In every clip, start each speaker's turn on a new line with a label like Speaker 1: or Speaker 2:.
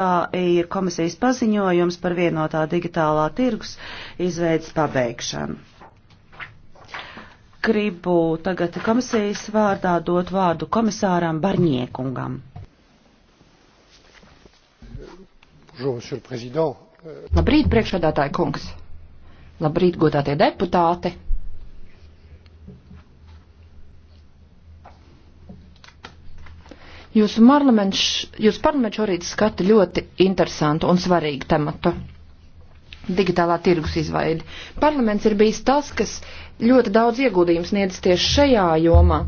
Speaker 1: Tā ir komisijas paziņojums par vienotā digitālā tirgus izveidas pabeigšanu. Gribu tagad komisijas vārdā dot vārdu komisāram Barņiekungam. Labrīt, priekšādātāji kungs! Labrīt,
Speaker 2: godātie deputāti! Jūsu parlaments, jūs parlaments šorīt skata ļoti interesantu un svarīgu tematu digitālā tirgus izveidi. Parlaments ir bijis tas, kas ļoti daudz ieguldījums sniedz tieši šajā jomā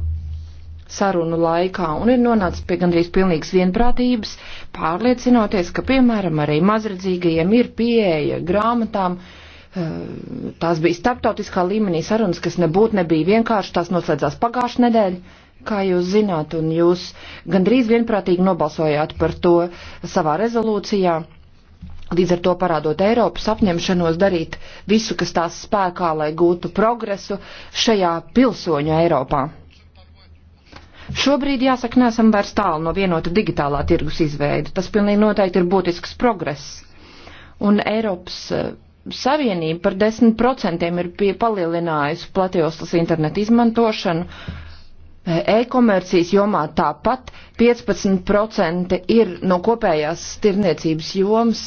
Speaker 2: sarunu laikā un ir nonācis pie gandrīz pilnīgas vienprātības, pārliecinoties, ka, piemēram, arī mazredzīgajiem ir pieeja grāmatām, eh, tās bija starptautiskā līmenī sarunas, kas nebūtu nebija vienkārši, tās noslēdzās pagājušajā nedēļā kā jūs zināt, un jūs gandrīz vienprātīgi nobalsojāt par to savā rezolūcijā. Līdz ar to parādot Eiropas apņemšanos darīt visu, kas tās spēkā, lai gūtu progresu šajā pilsoņu Eiropā. Šobrīd, jāsaka, neesam vairs tālu no vienota digitālā tirgus izveida. Tas pilnīgi noteikti ir būtisks progress. Un Eiropas eh, Savienība par 10% ir palielinājusi platjoslas internetu izmantošanu, E-komercijas jomā tāpat 15% ir no kopējās tirniecības jomas.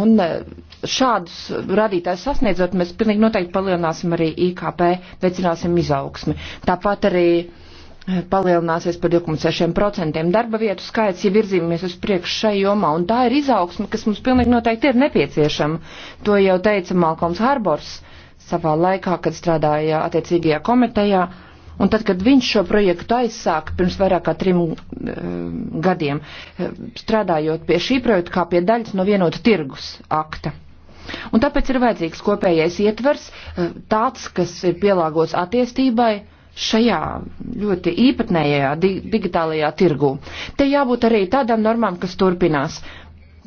Speaker 2: Un e, šādus radītājus sasniedzot, mēs pilnīgi noteikti palielināsim arī IKP, veicināsim izaugsmi. Tāpat arī e, palielināsies par 2,6% darba vietu skaits, ja virzīmies uz priekšu šai jomā, un tā ir izaugsme, kas mums pilnīgi noteikti ir nepieciešama. To jau teica Malkoms Harbors savā laikā, kad strādāja attiecīgajā komitejā. Un tad, kad viņš šo projektu aizsāka pirms vairāk kā trim uh, gadiem, eh, strādājot pie šī projekta kā pie daļas no vienota tirgus akta. Un tāpēc ir vajadzīgs kopējais ietvers, eh, tāds, kas ir pielāgots attiestībai, šajā ļoti īpatnējā di digitālajā tirgū. Te jābūt arī tādām normām, kas turpinās.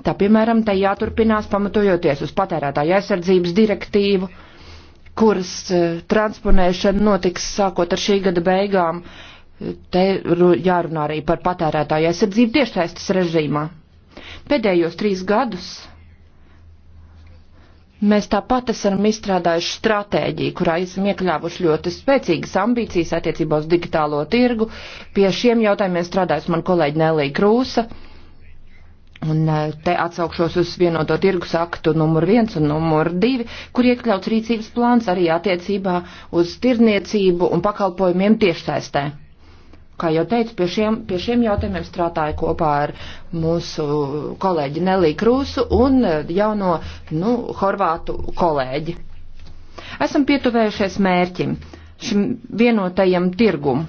Speaker 2: Tā piemēram, tai jāturpinās pamatojoties uz patērētāju aizsardzības direktīvu, uh, kuras e, transponēšana notiks sākot ar šī gada beigām. E, te jārunā arī par patērētāju aizsardzību tiešsaistes režīmā. Pēdējos trīs gadus Mēs tāpat esam izstrādājuši stratēģiju, kurā esam iekļāvuši ļoti spēcīgas ambīcijas attiecībā uz digitālo tirgu. Pie šiem jautājumiem strādājas man kolēģi Nelī Krūsa. Un e, te atsaukšos uz vienoto tirgus aktu numur viens un numur divi, kur iekļauts rīcības plāns arī attiecībā uz tirniecību un pakalpojumiem tiešsaistē. Kā jau teicu, pie šiem, pie šiem jautājumiem strādāju kopā ar mūsu kolēģi Nelī Krūsu un e, jauno, nu, horvātu kolēģi. Esam pietuvējušies mērķim, šim vienotajam tirgumam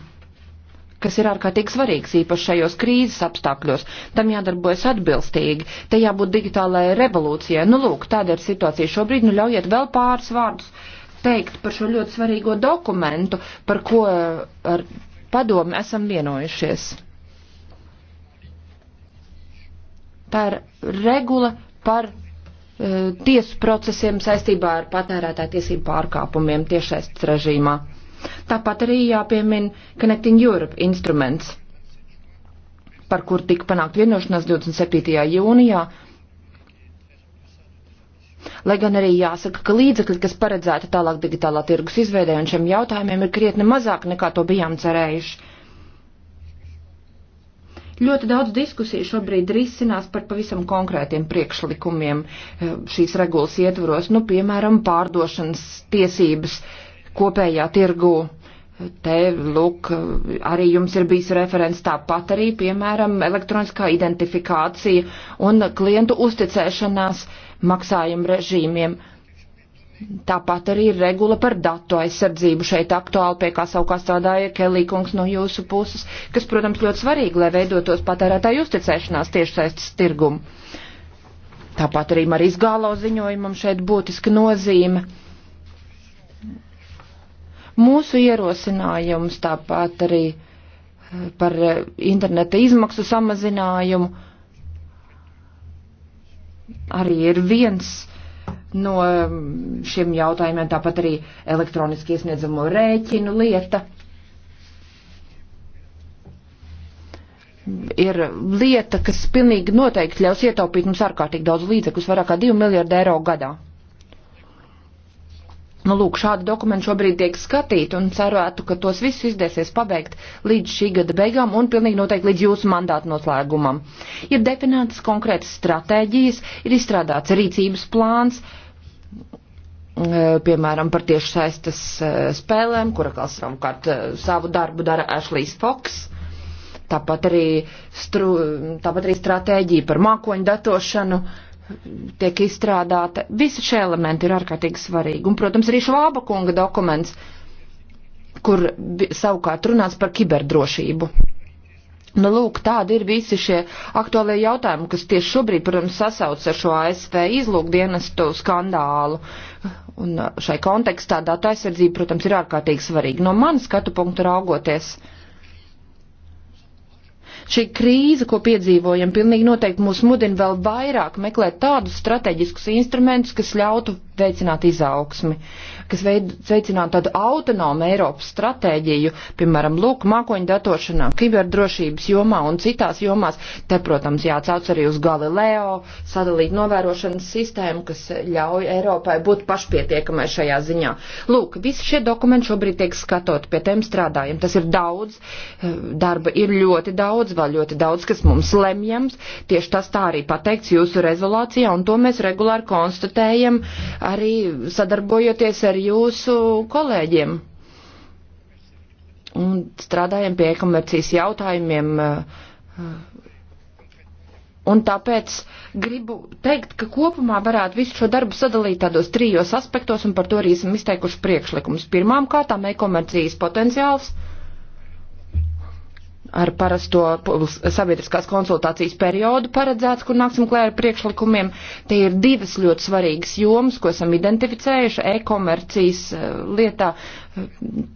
Speaker 2: kas ir ārkārtīgi svarīgs īpaši šajos krīzes apstākļos. Tam jādarbojas atbilstīgi, te jābūt digitālajai revolūcijai. Nu, lūk, tāda ir situācija šobrīd, nu ļaujiet vēl pāris vārdus teikt par šo ļoti svarīgo dokumentu, par ko eh, ar padomu esam vienojušies. Tā ir regula par uh, tiesu procesiem saistībā ar patērētāju tiesību pārkāpumiem tiešais režīmā. Tāpat arī jāpiemin Connecting Europe instruments, par kur tika panākt vienošanās 27. jūnijā Lai gan arī jāsaka, ka līdzekļi, kas paredzēti tālāk digitālā tirgus izveidē un šiem jautājumiem, ir krietni mazāk nekā to bijām cerējuši. Ļoti daudz diskusiju šobrīd risinās par pavisam konkrētiem priekšlikumiem eh, šīs regulas ietvaros, nu, piemēram, pārdošanas tiesības kopējā tirgū. Te, lūk, arī jums ir bijis referents tāpat arī, piemēram, elektroniskā identifikācija un klientu uzticēšanās maksājumu režīmiem. Tāpat arī ir regula par datu aizsardzību šeit aktuāli, pie kā savukārt strādāja Kelīkungs no jūsu puses, kas, protams, ļoti svarīgi, lai veidotos patērētāju uzticēšanās tiešsaistes tirgumu. Tāpat arī Marijas Gālo ziņojumam šeit būtiska nozīme Mūsu ierosinājums tāpat arī eh, par eh, interneta izmaksu samazinājumu arī ir viens no mm, šiem jautājumiem, tāpat arī elektroniski iesniedzamo rēķinu lieta. ir lieta, kas pilnīgi noteikti ļaus ietaupīt mums ārkārtīgi daudz līdzekļus, vairāk kā 2 miljārdu eiro gadā. Nu, lūk, šādi dokumenti šobrīd tiek skatīti un cerētu, ka tos visus izdēsies pabeigt līdz šī gada beigām un pilnīgi noteikti līdz jūsu mandātu noslēgumam. Ir definētas konkrētas stratēģijas, ir izstrādāts rīcības plāns, e, piemēram, par tieši saistas e, spēlēm, kura kā savukārt e, savu darbu dara Ashley's Fox. Tāpat arī, stru, tāpat arī stratēģija par mākoņu datošanu, uh, tiek izstrādāta. Visi šie elementi ir ārkārtīgi svarīgi. Un, protams, arī Švāba kunga dokuments, kur savukārt runāts par kiberdrošību. Nu, lūk, tādi ir visi šie aktuālie jautājumi, kas tieši šobrīd, protams, sasauc ar šo ASV izlūkdienestu skandālu. Un uh, šai kontekstā datu aizsardzība, protams, ir ārkārtīgi svarīga. No manas skatu punktu raugoties. Uh, Šī krīze, ko piedzīvojam, pilnīgi noteikti mūs mudina vēl vairāk meklēt tādus strateģiskus instrumentus, kas ļautu veicināt izaugsmi, kas veicinātu tādu autonomu Eiropas stratēģiju, piemēram, lūk, mākoņu datošanā, kiberdrošības jomā un citās jomās. Te, protams, jācauc arī uz Galileo sadalīt novērošanas sistēmu, kas ļauj Eiropai būt pašpietiekamai šajā ziņā. Lūk, visi šie dokumenti šobrīd tiek skatot, pie tiem strādājam. Tas ir daudz, eh, darba ir ļoti daudz, vēl ļoti daudz, kas mums lemjams. Tieši tas tā arī pateikts jūsu rezolācijā, un to mēs regulāri konstatējam arī sadarbojoties ar jūsu kolēģiem. Un strādājam pie komercijas jautājumiem. Eh, un tāpēc gribu teikt, ka kopumā varētu visu šo darbu sadalīt tādos trijos aspektos, un par to arī esam izteikuši priekšlikumus. Pirmām kārtām e-komercijas potenciāls. Uh, ar parasto sabiedriskās konsultācijas periodu paredzēts, kur nāksim klēr ar priekšlikumiem. Te ir divas ļoti svarīgas jomas, ko esam identificējuši e-komercijas e, lietā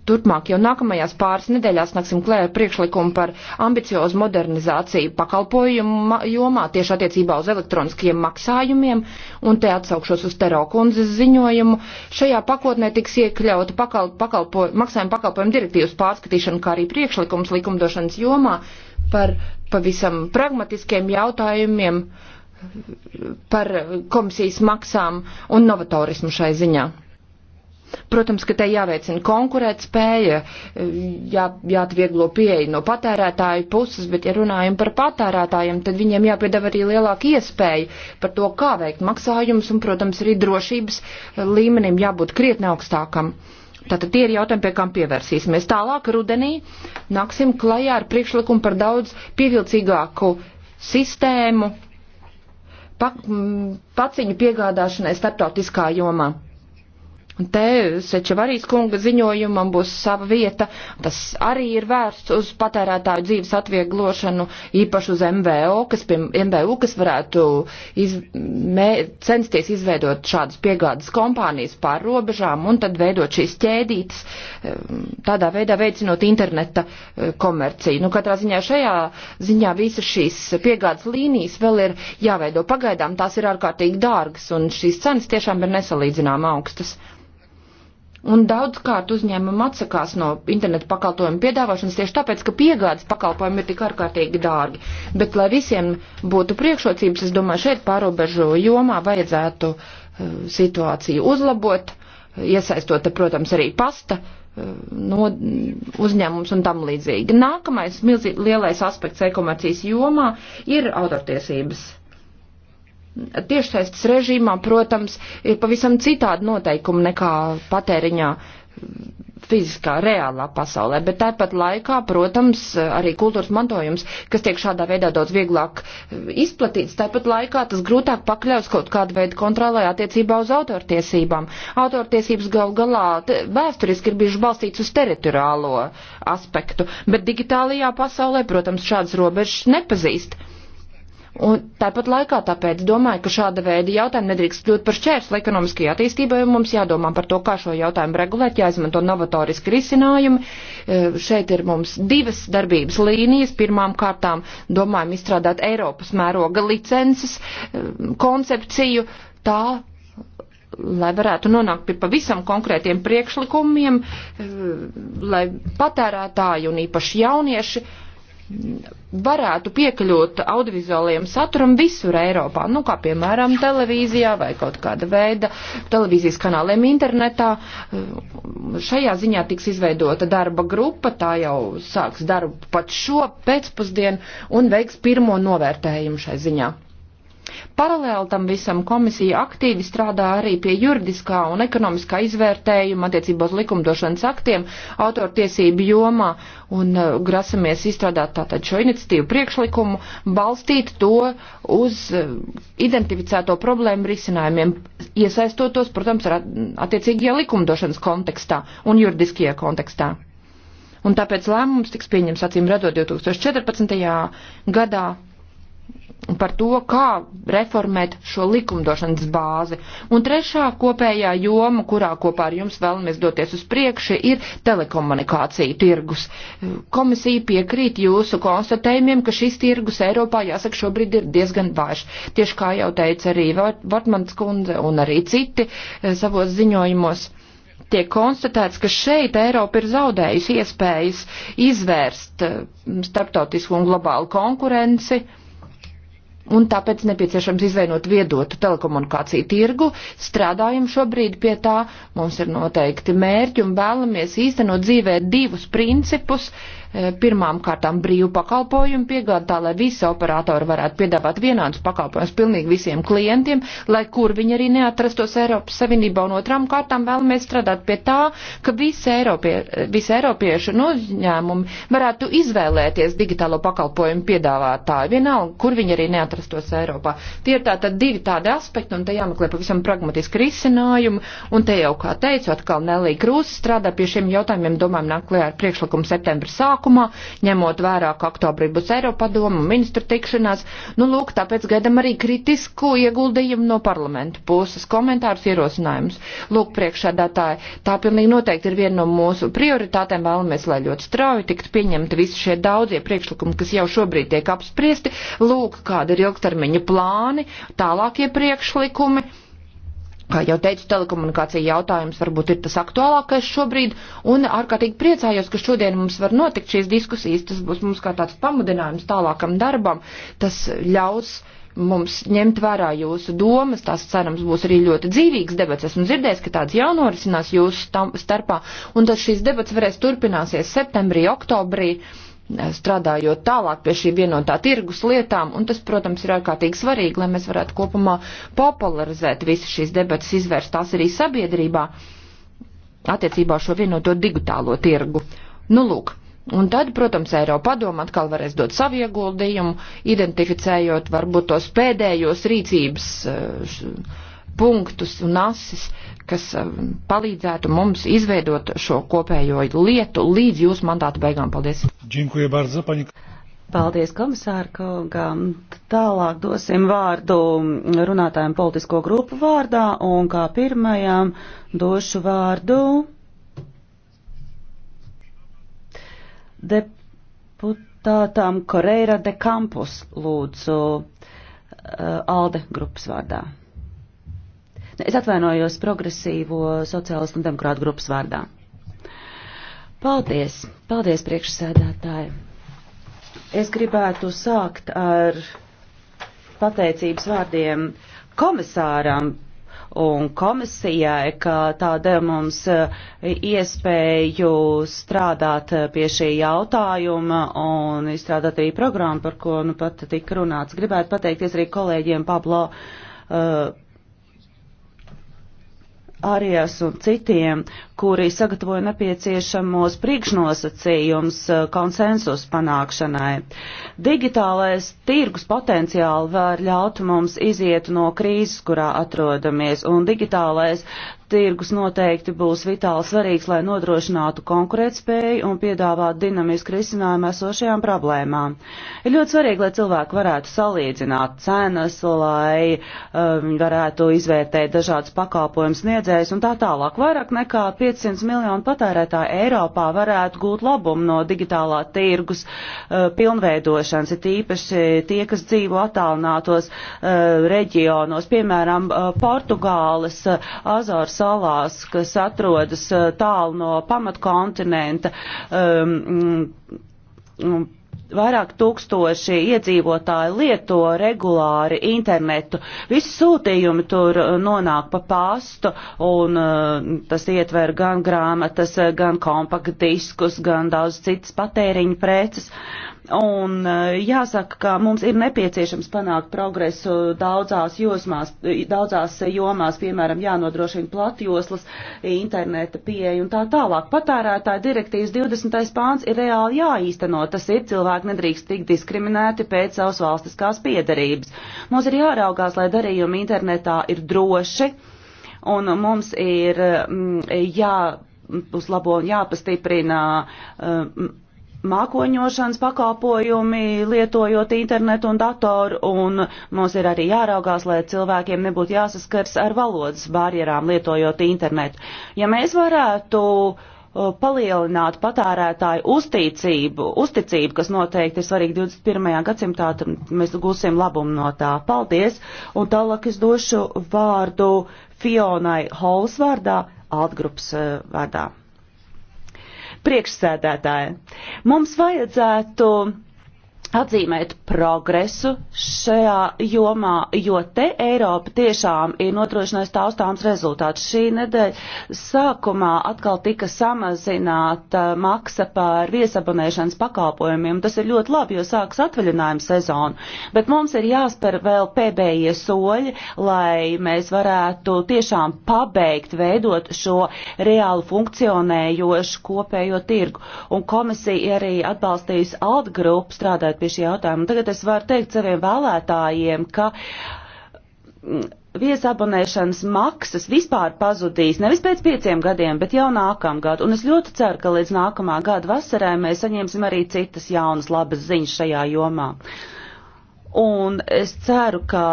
Speaker 2: Turpmāk jau nākamajās pāris nedēļās nāksim klēra priekšlikumu par ambiciozu modernizāciju pakalpojumu jomā tieši attiecībā uz elektroniskajiem maksājumiem, un te atsaukšos uz Tero kundzes ziņojumu. Šajā pakotnē tiks iekļauta pakal, pakalpo, maksājuma pakalpojumu direktīvas pārskatīšana, kā arī priekšlikums likumdošanas jomā par pavisam pragmatiskiem jautājumiem par komisijas maksām un novatorismu šai ziņā. Protams, ka te jāveicina konkurēt spēja, jā, jāatvieglo pieeja no patērētāju puses, bet ja runājam par patērētājiem, tad viņiem jāpiedāvā arī lielāka iespēja par to, kā veikt maksājumus un, protams, arī drošības līmenim jābūt krietni augstākam. Tātad tie ir jautājumi, pie kam pievērsīsimies. Tālāk rudenī nāksim klajā ar priekšlikumu par daudz pievilcīgāku sistēmu pa, paciņu piegādāšanai starptautiskā jomā Un te Sečevarijas kunga ziņojumam būs sava vieta, tas arī ir vērsts uz patērētāju dzīves atvieglošanu, īpaši uz MVO, kas, pie, MVU, kas varētu iz, mē, censties izveidot šādas piegādes kompānijas pār robežām un tad veidot šīs ķēdītas, ehm, tādā veidā veicinot interneta eh, komerciju. Nu, katrā ziņā šajā ziņā visas šīs piegādes līnijas vēl ir jāveido pagaidām, tās ir ārkārtīgi dārgas un šīs cenas tiešām ir nesalīdzinām augstas. Un daudzkārt uzņēmumi atsakās no internetu pakalpojumu piedāvāšanas tieši tāpēc, ka piegādes pakalpojumi ir tik ārkārtīgi dārgi. Bet, lai visiem būtu priekšrocības, es domāju, šeit pārobežu jomā vajadzētu uh, situāciju uzlabot, iesaistot, protams, arī pasta uh, no uzņēmums un tam līdzīgi. Nākamais milzī, lielais aspekts e-komercijas jomā ir autortiesības Tiešsaistes režīmā, protams, ir pavisam citādi noteikumi nekā patēriņā fiziskā, reālā pasaulē, bet tāpat laikā, protams, arī kultūras mantojums, kas tiek šādā veidā daudz vieglāk e, izplatīts, tāpat laikā tas grūtāk pakļaus kaut kādu veidu kontrolē attiecībā uz autortiesībām. Autortiesības gal galā vēsturiski ir bijuši balstīts uz teritoriālo aspektu, bet digitālajā pasaulē, protams, šādas robežas nepazīst. Un tāpat laikā tāpēc domāju, ka šāda veida jautājumi nedrīkst kļūt par šķērsli ekonomiskajai attīstībai, un mums jādomā par to, kā šo jautājumu regulēt, jāizmanto novatoriski risinājumi. E, šeit ir mums divas darbības līnijas. Pirmām kārtām domājam izstrādāt Eiropas mēroga licences e, koncepciju tā, lai varētu nonākt pie pavisam konkrētiem priekšlikumiem, e, lai patērētāji un īpaši jaunieši varētu piekļūt audiovizuālajiem saturam visur Eiropā, nu kā piemēram televīzijā vai kaut kāda veida televīzijas kanāliem internetā. Šajā ziņā tiks izveidota darba grupa, tā jau sāks darbu pat šo pēcpusdienu un veiks pirmo novērtējumu šai ziņā. Paralēli tam visam komisija aktīvi strādā arī pie juridiskā un ekonomiskā izvērtējuma attiecībā uz likumdošanas aktiem autortiesību jomā un uh, grasamies izstrādāt tātad šo iniciatīvu priekšlikumu, balstīt to uz uh, identificēto problēmu risinājumiem, iesaistot tos, protams, attiecīgajā likumdošanas kontekstā un juridiskajā kontekstā un tāpēc lēmums tiks pieņems acīm redzot 2014. gadā par to, kā reformēt šo likumdošanas bāzi. Un trešā kopējā joma, kurā kopā ar jums vēlamies doties uz priekšu, ir telekomunikāciju tirgus. Komisija piekrīt jūsu konstatējumiem, ka šis tirgus Eiropā, jāsaka, šobrīd ir diezgan vājš. Tieši kā jau teica arī Vartmans kundze un arī citi eh, savos ziņojumos tiek konstatēts, ka šeit Eiropa ir zaudējusi iespējas izvērst eh, starptautisku un globālu konkurenci un tāpēc nepieciešams izveidot viedotu telekomunikāciju tirgu. Strādājam šobrīd pie tā, mums ir noteikti mērķi un vēlamies īstenot dzīvē divus principus, uh, E, pirmām kārtām brīvu pakalpojumu piegādu, tā lai visi operatori varētu piedāvāt vienādus pakalpojumus pilnīgi visiem klientiem, lai kur viņi arī neatrastos Eiropas Savienībā. Un otrām kārtām vēlamies strādāt pie tā, ka visi, Eiropie, visi eiropiešu noņēmumi varētu izvēlēties digitālo pakalpojumu piedāvātāju, vienalga, kur viņi arī neatrastos Eiropā. Tie ir tātad divi tādi aspekti, un te jāmeklē pavisam pragmatiski risinājumi, un te jau, kā teicu, atkal Nelī Krūs strādā pie šiem jautājumiem, domājam, nāk klajā ar priekšlikumu septembra sākumu sākumā, ņemot vērā, ka oktobrī būs Eiropadoma ministru tikšanās. Nu, lūk, tāpēc gaidam arī kritisku ieguldījumu no parlamentu puses, komentārus, ierosinājumus. Lūk, priekšādātāji, tā pilnīgi noteikti ir viena no mūsu prioritātēm. Vēlamies, lai ļoti strauji tiktu pieņemti visi šie daudzie priekšlikumi, kas jau šobrīd tiek apspriesti. Lūk, kāda ir ilgtermiņa plāni, tālākie priekšlikumi. Kā jau teicu, telekomunikācija jautājums varbūt ir tas aktuālākais šobrīd, un ārkārtīgi priecājos, ka šodien mums var notikt šīs diskusijas. Tas būs mums kā tāds pamudinājums tālākam darbam. Tas ļaus mums ņemt vērā jūsu domas, tās cerams būs arī ļoti dzīvīgas debats. Esmu dzirdējis, ka tāds jau norisinās jūsu starpā, un tad šīs debats varēs turpināsies septembrī, oktobrī. Uh, strādājot tālāk pie šī vienotā tirgus lietām, un tas, protams, ir ārkārtīgi svarīgi, lai mēs varētu kopumā popularizēt visas šīs debatas, izvērst tās arī sabiedrībā attiecībā šo vienoto digitālo tirgu. Nu, lūk. Un tad, protams, Eiropa padoma atkal varēs dot savu ieguldījumu, identificējot varbūt tos pēdējos rīcības uh, punktus un asis, kas eh, palīdzētu mums izveidot šo kopējo lietu līdz jūsu mandātu
Speaker 1: beigām. Paldies! Bardzo, Paldies komisāru kungam. Tālāk dosim vārdu runātājiem politisko grupu vārdā un kā pirmajam došu vārdu deputātām Koreira de Campus lūdzu uh, Alde grupas vārdā. Es atvainojos progresīvo sociālistu un demokrātu grupas vārdā. Paldies, paldies priekšsēdētāji. Es gribētu sākt ar pateicības vārdiem komisāram un komisijai, ka tā deva mums e, iespēju strādāt e, pie šī jautājuma un izstrādāt arī programmu, par ko nu pat tika runāts. Gribētu pateikties arī kolēģiem Pablo. Uh, Arijas un citiem, kuri sagatavoja nepieciešamos priekšnosacījums eh, konsensus panākšanai. Digitālais tirgus potenciāli var ļaut mums iziet no krīzes, kurā atrodamies, un digitālais tirgus noteikti būs vitāli svarīgs, lai nodrošinātu konkurētspēju un piedāvātu dinamisku risinājumu esošajām problēmām. Ir ļoti svarīgi, lai cilvēki varētu salīdzināt cenas, lai um, varētu izvērtēt dažādas pakalpojumus sniedzējus un tā tālāk. Vairāk nekā 500 miljonu patērētāju Eiropā varētu gūt labumu no digitālā tirgus uh, pilnveidošanas, ir tīpaši tie, kas dzīvo attālinātos uh, reģionos, piemēram, uh, Portugāles, uh, Azors salās, kas atrodas uh, tālu no pamatkontinenta. Um, um, vairāk tūkstoši iedzīvotāji lieto regulāri internetu. Visi sūtījumi tur uh, nonāk pa pastu, un uh, tas ietver gan grāmatas, gan kompaktdiskus, gan daudz citas patēriņu preces. Un eh, jāsaka, ka mums ir nepieciešams panākt progresu daudzās, josmās, daudzās jomās, piemēram, jānodrošina platjoslas, interneta pieeja un tā tālāk. Patērētāja direktīvas 20. pāns ir reāli jāīsteno. Tas ir cilvēki nedrīkst tik diskriminēti pēc savas valstiskās piedarības. Mums ir jāraugās, lai darījumi internetā ir droši. Un mums ir mm, jā, uzlabo un jāpastiprina. Mm, mākoņošanas pakalpojumi, lietojot internetu un datoru, un mums ir arī jāraugās, lai cilvēkiem nebūtu jāsaskars ar valodas barjerām, lietojot internetu. Ja mēs varētu palielināt patērētāju uzticību, uzticību, kas noteikti ir svarīgi 21. gadsimtā, tad mēs gūsim labumu no tā. Paldies! Un tālāk es došu vārdu Fionai Hols vārdā, Altgrups e, vārdā priekšsēdētāja. Mums vajadzētu atzīmēt progresu šajā jomā, jo te Eiropa tiešām ir nodrošinājusi taustāms rezultāts. Šī nedēļa sākumā atkal tika samazināta maksa par viesabonēšanas pakalpojumiem. Tas ir ļoti labi, jo sāks atvaļinājuma sezona. Bet mums ir jāspēr vēl pēdējie soļi, lai mēs varētu tiešām pabeigt veidot šo reāli funkcionējošu kopējo tirgu. Un komisija arī atbalstījusi altgrupu strādāt strādājot pie šī jautājuma. Tagad es varu teikt saviem vēlētājiem, ka mm, viesabonēšanas maksas vispār pazudīs nevis pēc pieciem gadiem, bet jau nākamgad. Un es ļoti ceru, ka līdz nākamā gada vasarai mēs saņemsim arī citas jaunas labas ziņas šajā jomā. Un es ceru, ka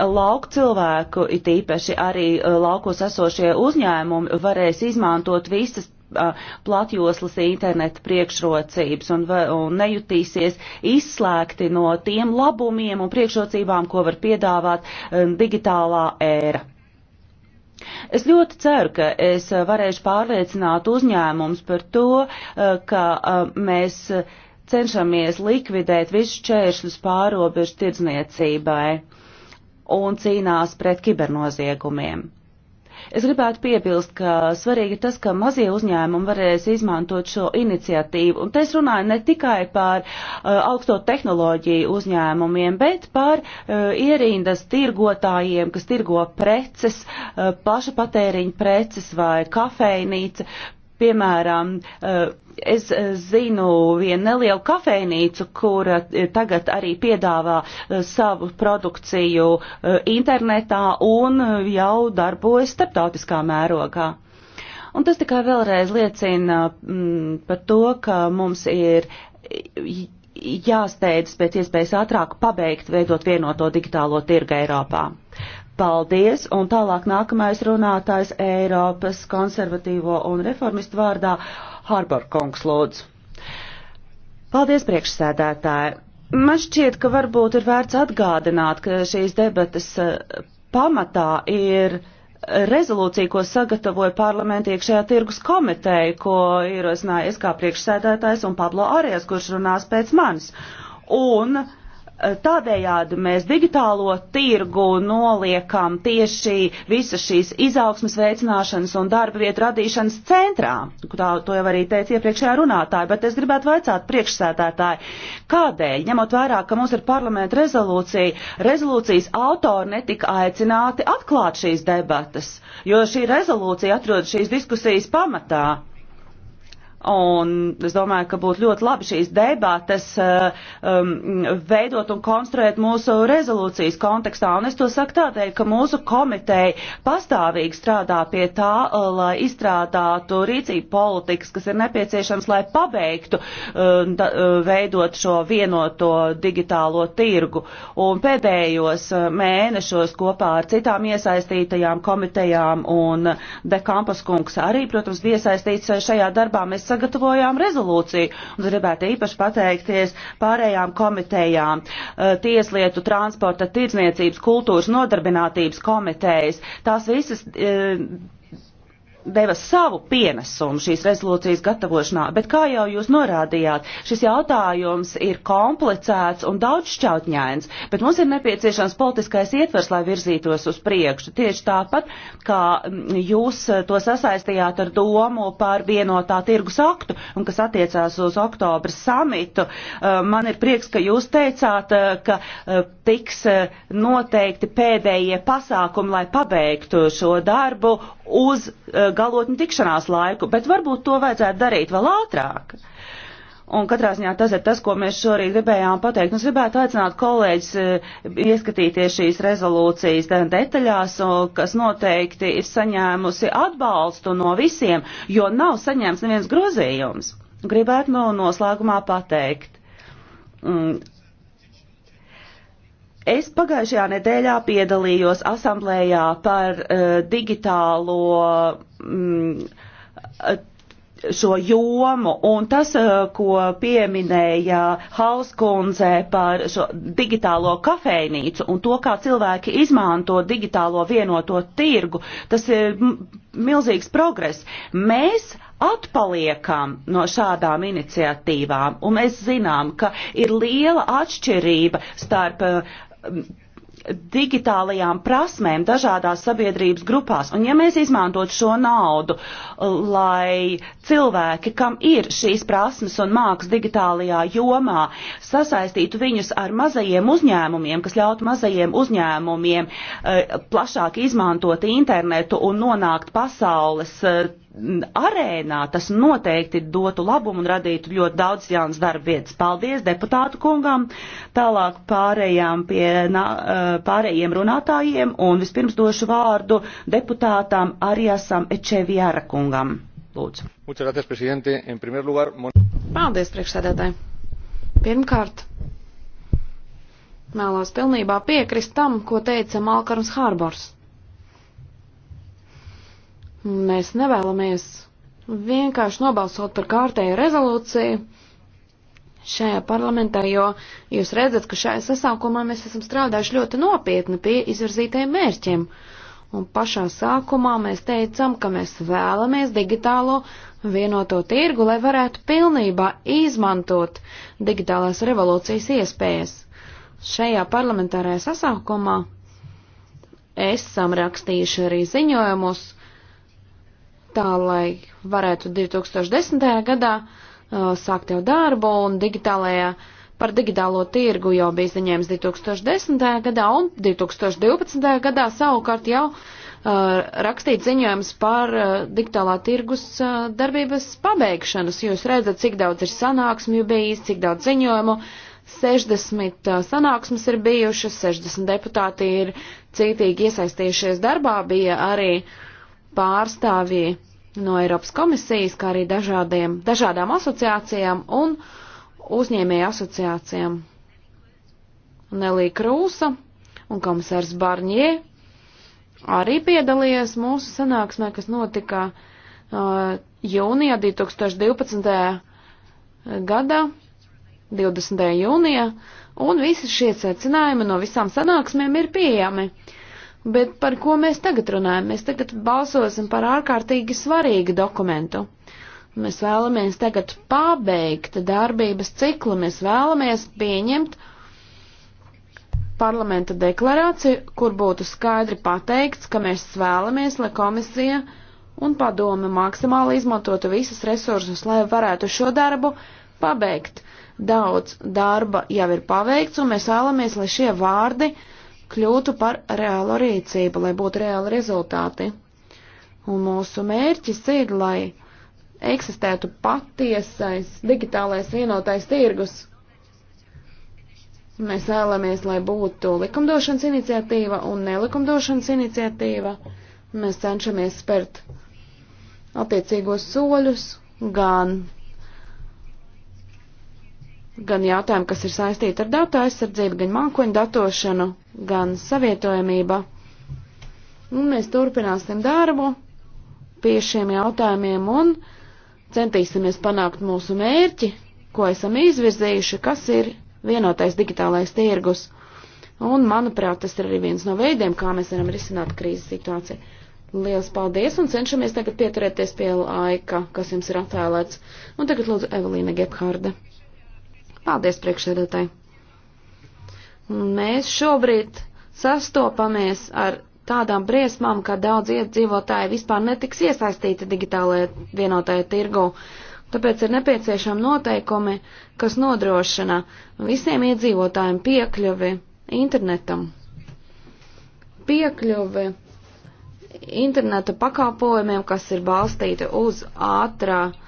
Speaker 1: lauku cilvēku, it īpaši arī eh, laukos esošie uzņēmumi, varēs izmantot visas platjoslas interneta priekšrocības un, un nejutīsies izslēgti no tiem labumiem un priekšrocībām, ko var piedāvāt digitālā ēra. Es ļoti ceru, ka es varēšu pārliecināt uzņēmums par to, ka mēs cenšamies likvidēt visus čēršļus pārobežu tirdzniecībai un cīnās pret kibernoziegumiem. Es gribētu piebilst, ka svarīgi ir tas, ka mazie uzņēmumi varēs izmantot šo iniciatīvu. Un te es runāju ne tikai par uh, augsto tehnoloģiju uzņēmumiem, bet par uh, ierindas tirgotājiem, kas tirgo preces, uh, paša patēriņa preces vai kafejnīca. Piemēram, uh, Es eh, zinu vienu nelielu kafejnīcu, kura eh, tagad arī piedāvā eh, savu produkciju internetā un jau darbojas starptautiskā mērogā. Un tas tikai vēlreiz liecina mm, par to, ka mums ir jāsteidzas pēc iespējas ātrāk pabeigt veidot vienoto digitālo tirgu Eiropā. Paldies, un tālāk nākamais runātājs Eiropas konservatīvo un reformistu vārdā Harbor kungs lūdzu. Paldies, priekšsēdētāji. Man šķiet, ka varbūt ir vērts atgādināt, ka šīs debatas eh, pamatā ir rezolūcija, ko sagatavoja parlamenta iekšējā tirgus komiteja, ko ierosināja es kā priekšsēdētājs un Pablo Arijas, kurš runās pēc manis. Un uh, Tādējādi mēs digitālo tirgu noliekam tieši visas šīs izaugsmas veicināšanas un darba vietu radīšanas centrā. Tā, to jau arī teica iepriekšējā runātāja, bet es gribētu vaicāt priekšsētētāji, kādēļ, ņemot vērā, ka mums ir parlamenta rezolūcija, rezolūcijas autori netika aicināti atklāt šīs debatas, jo šī rezolūcija atrod šīs diskusijas pamatā. Un es domāju, ka būtu ļoti labi šīs debātes eh, um, veidot un konstruēt mūsu rezolūcijas kontekstā. Un es to saku tādēļ, ka mūsu komiteja pastāvīgi strādā pie tā, eh, lai izstrādātu rīcību politikas, kas ir nepieciešams, lai pabeigtu um, da, veidot šo vienoto digitālo tirgu. Un pēdējos mēnešos kopā ar citām iesaistītajām komitejām un Dekampaskungs arī, protams, bija iesaistīts šajā darbā. Mēs sagatavojām rezolūciju. Un gribētu īpaši pateikties pārējām komitejām eh, - tieslietu, transporta, tirdzniecības, kultūras, nodarbinātības komitejas. Tās visas eh, deva savu pienesumu šīs rezolūcijas gatavošanā, bet kā jau jūs norādījāt, šis jautājums ir komplicēts un daudzšķautņains, bet mums ir nepieciešams politiskais ietvers, lai virzītos uz priekšu. Tieši tāpat, kā mm, jūs eh, to sasaistījāt ar domu par vienotā tirgus aktu un kas attiecās uz oktobra samitu, eh, man ir prieks, ka jūs teicāt, eh, ka tiks noteikti pēdējie pasākumi, lai pabeigtu šo darbu uz galotņu tikšanās laiku, bet varbūt to vajadzētu darīt vēl ātrāk. Un katrā ziņā tas ir tas, ko mēs šorīt gribējām pateikt. Es gribētu aicināt kolēģis eh, ieskatīties šīs rezolūcijas detaļās, kas noteikti ir saņēmusi atbalstu no visiem, jo nav saņēmis neviens grozījums. Gribētu no noslēgumā pateikt. Mm. Es pagājušajā nedēļā piedalījos asamblējā par uh, digitālo mm, šo jomu, un tas, eh, ko pieminēja Hauskundze par šo digitālo kafejnīcu un to, kā cilvēki izmanto digitālo vienoto tirgu, tas ir milzīgs progress. Mēs atpaliekam no šādām iniciatīvām, un mēs zinām, ka ir liela atšķirība starp eh, digitālajām prasmēm dažādās sabiedrības grupās. Un ja mēs izmantot šo naudu, lai cilvēki, kam ir šīs prasmes un māks digitālajā jomā, sasaistītu viņus ar mazajiem uzņēmumiem, kas ļautu mazajiem uzņēmumiem eh, plašāk izmantot internetu un nonākt pasaules eh, arēnā, tas noteikti dotu labumu un radītu ļoti daudz jaunas darba vietas. Paldies deputātu kungam, tālāk pārējām pie eh, pārējiem runātājiem un vispirms došu vārdu deputātām Ariasam Ečeviara kungam. Lūdzu.
Speaker 3: Paldies, priekšsēdētāji. Pirmkārt, mēlos pilnībā piekrist tam, ko teica Malkarns Hārbors. Mēs nevēlamies vienkārši nobalsot par kārtēju rezolūciju šajā parlamentā, jo jūs redzat, ka šajā sasaukumā mēs esam strādājuši ļoti nopietni pie izvirzītajiem mērķiem. Un pašā sākumā mēs teicām, ka mēs vēlamies digitālo vienoto tirgu, lai varētu pilnībā izmantot digitālās revolūcijas iespējas. Šajā parlamentārajā sasaukumā esam rakstījuši arī ziņojumus, tā lai varētu 2010. gadā uh, sākt jau darbu un digitālajā, par digitālo tirgu jau bija ziņojums 2010. gadā un 2012. gadā savukārt jau uh, rakstīt ziņojums par uh, digitālā tirgus uh, darbības pabeigšanas. Jūs redzat, cik daudz ir sanāksmju bijis, cik daudz ziņojumu. 60 uh, sanāksmes ir bijušas, 60 deputāti ir cītīgi iesaistījušies darbā, bija arī uh, pārstāvji no Eiropas komisijas, kā arī dažādiem, dažādām asociācijām un uzņēmēju asociācijām. Nelī Krūsa un komisārs Barņē arī piedalījies mūsu sanāksmē, kas notika uh, jūnijā 2012. gadā, 20. jūnijā, un visi šie secinājumi no visām sanāksmēm ir pieejami. Bet par ko mēs tagad runājam? Mēs tagad balsosim par ārkārtīgi svarīgu dokumentu. Mēs vēlamies tagad pabeigt darbības ciklu, mēs vēlamies pieņemt parlamenta deklarāciju, kur būtu skaidri pateikts, ka mēs vēlamies, lai komisija un padome maksimāli izmantotu visas resursus, lai varētu šo darbu pabeigt. Daudz darba jau ir paveikts, un mēs vēlamies, lai šie vārdi uh, kļūtu par reālo rīcību, lai būtu reāli rezultāti. Un mūsu mērķis ir, lai eksistētu patiesais digitālais vienotais tirgus. Mēs vēlamies, lai būtu likumdošanas iniciatīva un nelikumdošanas iniciatīva. Mēs cenšamies spērt attiecīgos soļus gan gan jautājumi, kas ir saistīti ar datu aizsardzību, gan mākoņu datošanu, gan savietojamība. Un mēs turpināsim darbu pie šiem jautājumiem un centīsimies panākt mūsu mērķi, ko esam izvirzījuši, kas ir vienotais digitālais tirgus. Un, manuprāt, tas ir arī viens no veidiem, kā mēs varam risināt krīzes situāciju. Lielas paldies un cenšamies tagad pieturēties pie laika, kas jums ir atvēlēts. Un tagad lūdzu Evelīna Gebharda. Paldies priekšsēdētāji. Mēs šobrīd sastopamies ar tādām briesmām, ka daudz iedzīvotāji vispār netiks iesaistīti digitālajā vienotajā tirgu. Tāpēc ir nepieciešami noteikumi, kas nodrošina visiem iedzīvotājiem piekļuvi internetam. Piekļuvi interneta pakalpojumiem, kas ir balstīti uz ātrā uh,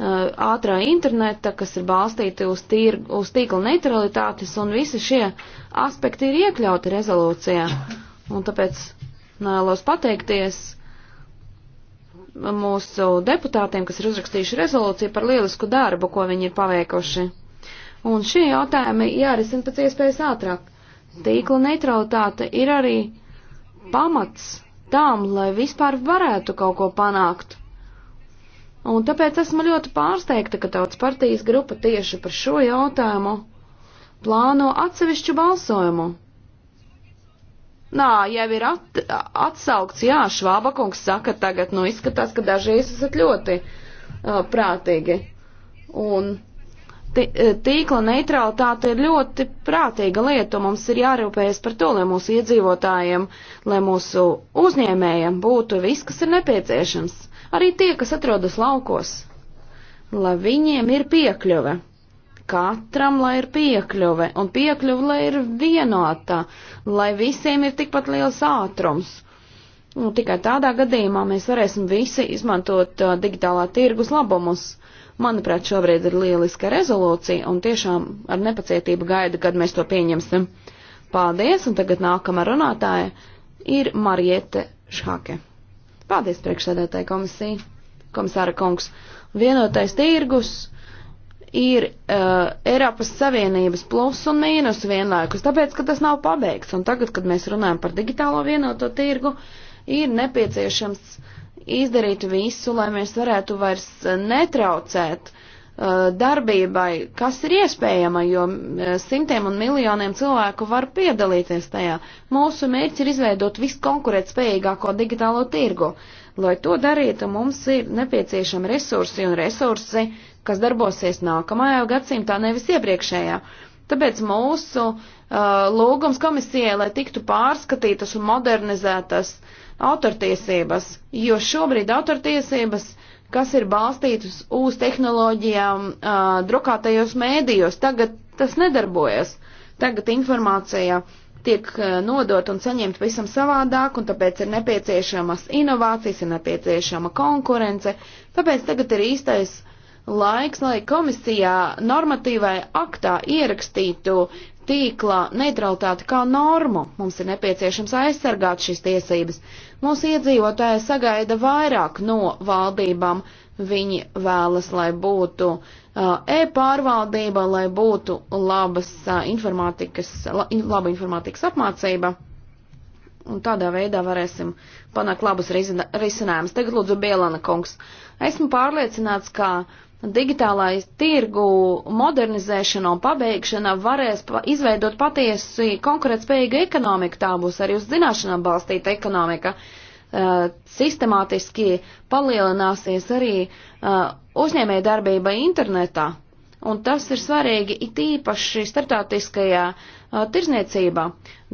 Speaker 3: Uh, ātrā interneta, kas ir balstīti uz, tīr, uz tīkla neutralitātes, un visi šie aspekti ir iekļauti rezolūcijā. Un tāpēc vēlos pateikties mūsu deputātiem, kas ir uzrakstījuši rezolūciju par lielisku darbu, ko viņi ir paveikuši. Un šie jautājumi jārisina pēc iespējas ātrāk. Tīkla neutralitāte ir arī pamats tām, lai vispār varētu kaut ko panākt Un tāpēc esmu ļoti pārsteigta, ka tautas partijas grupa tieši par šo jautājumu plāno atsevišķu balsojumu. Nā, jau ir at, atsaukts, jā, Švābakungs saka tagad, nu izskatās, ka dažreiz esat ļoti uh, prātīgi. Un tīkla neutralitāte ir ļoti prātīga lieta, un mums ir jārūpējas par to, lai mūsu iedzīvotājiem, lai mūsu uzņēmējiem būtu viss, kas ir nepieciešams arī tie, kas atrodas laukos, lai viņiem ir piekļuve. Katram, lai ir piekļuve, un piekļuve, lai ir vienota, lai visiem ir tikpat liels ātrums. Nu, tikai tādā gadījumā mēs varēsim visi izmantot uh, digitālā tirgus labumus. Manuprāt, šobrīd ir lieliska rezolūcija, un tiešām ar nepacietību gaida, kad mēs to pieņemsim. Paldies, un tagad nākamā runātāja ir Mariete Šhake. Paldies priekšsēdētāji komisija, komisāra kungs. Vienotais tirgus ir uh, Eiropas Savienības plus un mīnus vienlaikus, tāpēc, ka tas nav pabeigts. Un tagad, kad mēs runājam par digitālo vienoto tirgu, ir nepieciešams izdarīt visu, lai mēs varētu vairs netraucēt uh, Uh, darbībai, kas ir iespējama, jo uh, simtiem un miljoniem cilvēku var piedalīties tajā. Mūsu mērķis ir izveidot viskonkurētspējīgāko digitālo tirgu. Lai to darītu, mums ir nepieciešami resursi un resursi, kas darbosies nākamajā gadsimtā, nevis iepriekšējā. Tāpēc mūsu uh, lūgums komisijai, lai tiktu pārskatītas un modernizētas autortiesības, jo šobrīd autortiesības kas ir balstītas uz tehnoloģijām uh, drukātajos mēdījos. Tagad tas nedarbojas. Tagad informācija tiek nodot un saņemt visam savādāk, un tāpēc ir nepieciešamas inovācijas, ir nepieciešama konkurence. Tāpēc tagad ir īstais laiks, lai komisijā normatīvai aktā ierakstītu tīklā neutralitāti kā normu. Mums ir nepieciešams aizsargāt šīs tiesības. Mūsu iedzīvotāji sagaida vairāk no valdībām. Viņi vēlas, lai būtu uh, e-pārvaldība, lai būtu labas uh, informātikas, la, laba informātikas apmācība. Un tādā veidā varēsim panākt labus risinājumus. Tagad lūdzu Bielana kungs. Esmu pārliecināts, ka uh, digitālais tirgu modernizēšana un pabeigšana varēs izveidot patiesi konkurētspējīgu ekonomiku. Tā būs arī uz zināšanām balstīta ekonomika. Uh, sistemātiski palielināsies arī uh, uzņēmēja darbība internetā, un tas ir svarīgi it īpaši startautiskajā uh, tirzniecībā.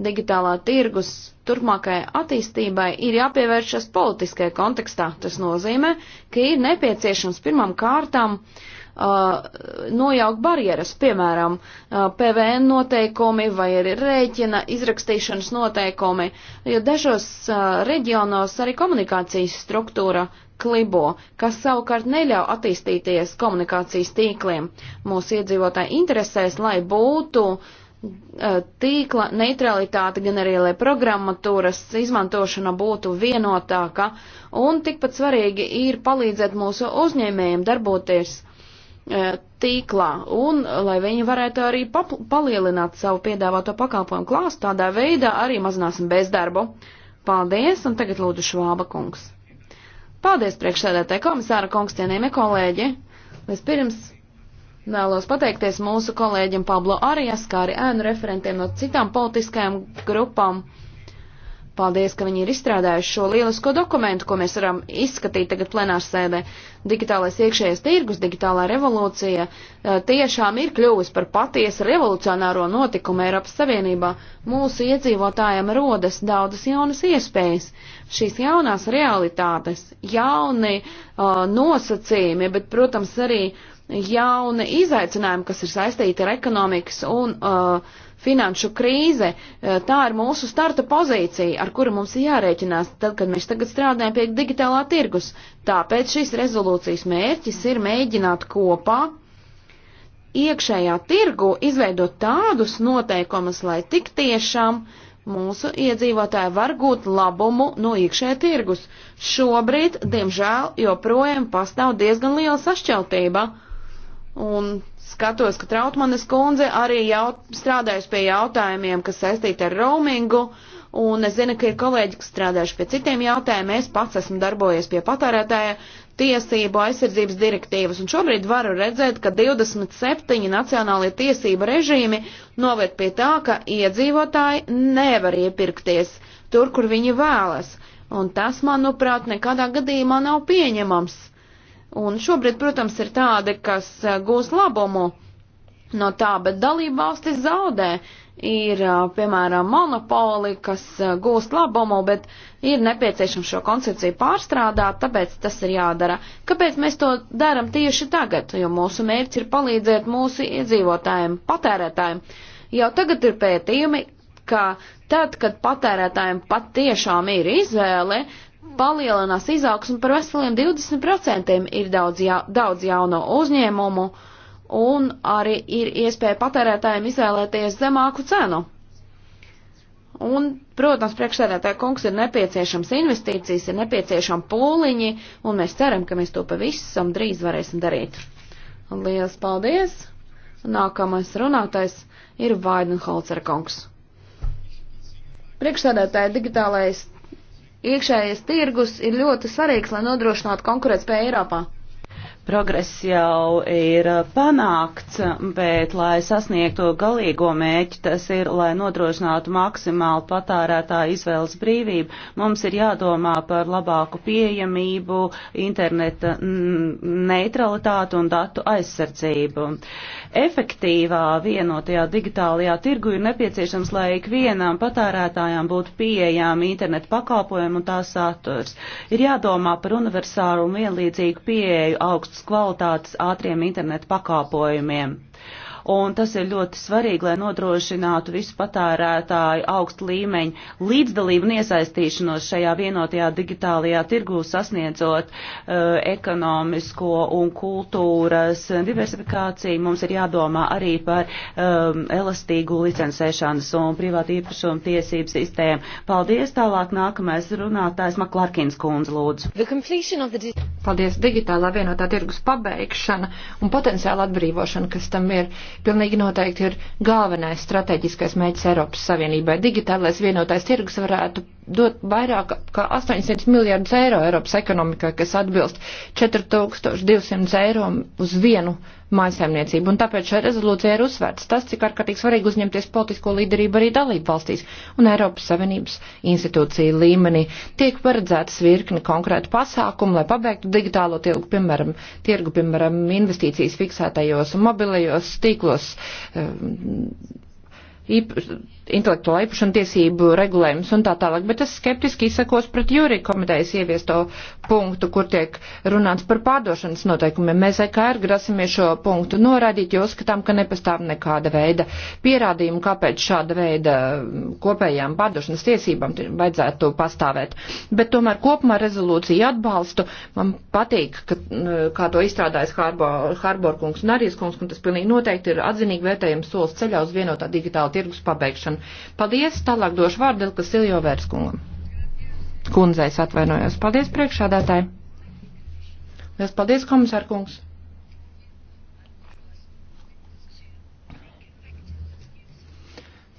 Speaker 3: Digitālā tirgus turpmākajai attīstībai ir jāpievēršas politiskajai kontekstā. Tas nozīmē, ka ir nepieciešams pirmam kārtām uh, nojaukt barjeras, piemēram, uh, PVN noteikumi vai arī rēķina izrakstīšanas noteikumi, jo dažos uh, reģionos arī komunikācijas struktūra klibo, kas savukārt neļauj attīstīties komunikācijas tīkliem. Mūsu iedzīvotāji interesēs, lai būtu uh, Eh, tīkla neutralitāte, gan arī, lai programmatūras izmantošana būtu vienotāka. Un tikpat svarīgi ir palīdzēt mūsu uzņēmējiem darboties eh, tīklā un lai viņi varētu arī palielināt savu piedāvāto pakalpojumu klāstu, tādā veidā arī mazināsim bezdarbu. Paldies, un tagad lūdzu Švāba kungs. Paldies priekšsēdētāji komisāra kungs, cienījamie kolēģi. Vispirms Vēlos pateikties mūsu kolēģim Pablo Arijas, kā arī ēnu referentiem no citām politiskajām grupām. Paldies, ka viņi ir izstrādājuši šo lielisko dokumentu, ko mēs varam izskatīt tagad plenārsēdē. Digitālais iekšējais tirgus, digitālā revolūcija eh, tiešām ir kļuvusi par patiesu revolucionāro notikumu Eiropas Savienībā. Mūsu iedzīvotājiem rodas daudzas jaunas iespējas. Šīs jaunās realitātes, jauni uh, nosacījumi, bet, protams, arī uh, jauni izaicinājumi, kas ir saistīti ar ekonomikas un uh, finanšu krīze. Uh, tā ir mūsu starta pozīcija, ar kuru mums ir jārēķinās, tad, kad mēs tagad strādājam pie digitālā tirgus. Tāpēc šīs rezolūcijas mērķis ir mēģināt kopā iekšējā tirgu izveidot tādus noteikumus, lai tik tiešām mūsu iedzīvotāji var gūt labumu no iekšējā tirgus. Šobrīd, diemžēl, joprojām pastāv diezgan liela sašķeltība un skatos, ka Trautmanes kundze arī jaut, strādājusi pie jautājumiem, kas saistīti ar roamingu, un es zinu, ka ir kolēģi, kas strādājuši pie citiem jautājumiem. Es pats esmu darbojies pie patērētāja tiesību aizsardzības direktīvas, un šobrīd varu redzēt, ka 27 nacionālie tiesība režīmi noved pie tā, ka iedzīvotāji nevar iepirkties tur, kur viņi vēlas, un tas, manuprāt, nekādā gadījumā nav pieņemams. Un šobrīd, protams, ir tādi, kas eh, gūs labumu no tā, bet dalība valstis zaudē. Ir, eh, piemēram, monopoli, kas eh, gūst labumu, bet ir nepieciešams šo koncepciju pārstrādāt, tāpēc tas ir jādara. Kāpēc mēs to darām tieši tagad? Jo mūsu mērķis ir palīdzēt mūsu iedzīvotājiem, patērētājiem. Jau tagad ir pētījumi, ka tad, kad patērētājiem patiešām ir izvēle, uh, palielinās izaugsmu par veseliem 20%, ir daudz, ja, daudz jauno uzņēmumu un arī ir iespēja patērētājiem izvēlēties zemāku cenu. Un, protams, priekšsēdētāja kungs ir nepieciešams investīcijas, ir nepieciešama pūliņi, un mēs ceram, ka mēs to pavisam drīz varēsim darīt. Lielas paldies! Nākamais runātais ir Vaidenholzer kungs. Priekšsēdētāja digitālais Iekšējais tirgus ir ļoti svarīgs, lai nodrošinātu konkurētspēju Eiropā
Speaker 1: progress jau ir panākts, bet, lai sasniegtu galīgo mēķi, tas ir, lai nodrošinātu maksimālu patārētāju izvēles brīvību, mums ir jādomā par labāku pieejamību, interneta neutralitātu un datu aizsardzību efektīvā vienotajā digitālajā tirgu ir nepieciešams, lai ikvienam patērētājām būtu pieejami internetu pakalpojumi un tā saturs. Ir jādomā par universālu un vienlīdzīgu pieeju augstas kvalitātes ātriem internetu pakalpojumiem un tas ir ļoti svarīgi, lai nodrošinātu visu patērētāju augstu līmeņu līdzdalību un iesaistīšanos šajā vienotajā digitālajā tirgū sasniedzot uh, ekonomisko un kultūras diversifikāciju. Mums ir jādomā arī par um, elastīgu licencēšanas un privātu īpašumu tiesību sistēmu. Paldies! Tālāk nākamais runātājs Maklārkins kundze lūdzu. The... Paldies! Digitālā vienotā tirgus pabeigšana un potenciāla atbrīvošana, kas
Speaker 2: tam ir, pilnīgi noteikti ir galvenais strateģiskais mēģis Eiropas Savienībai. Digitālais vienotais tirgus varētu dot vairāk kā 800 miljardus eiro Eiropas ekonomikai, kas atbilst 4200 eiro uz vienu mājasēmniecību. Un tāpēc šajā rezolūcijā ir uzsvērts tas, cik ārkārtīgi svarīgi uzņemties politisko līderību arī dalību valstīs un Eiropas Savienības institūciju līmenī. Tiek paredzētas virkni konkrētu pasākumu, lai pabeigtu digitālo tirgu, piemēram, tirgu, piemēram, investīcijas fiksētajos un mobilajos tīklos. Um, ehm, īp, intelektuāla īpašuma tiesību regulējums un tā tālāk, bet es skeptiski izsakos pret jūrija komitejas ieviesto punktu, kur tiek runāts par pārdošanas noteikumiem. Mēs EKR grasamies šo punktu noraidīt, jo uzskatām, ka nepastāv nekāda veida pierādījumu, kāpēc šāda veida kopējām pārdošanas tiesībām vajadzētu pastāvēt. Bet tomēr kopumā rezolūciju atbalstu. Man patīk, ka, kā to izstrādājas Harbor kungs un Arijas kungs, un tas pilnīgi noteikti ir atzinīgi vērtējums solis ceļā uz vienotā digitāla tirgus pabeigšanu likumdošanu. Paldies, tālāk došu vārdu Ilka Siljo Vērskungam. Kundzēs atvainojos. Paldies priekšādātāji. Liels paldies, komisārkungs.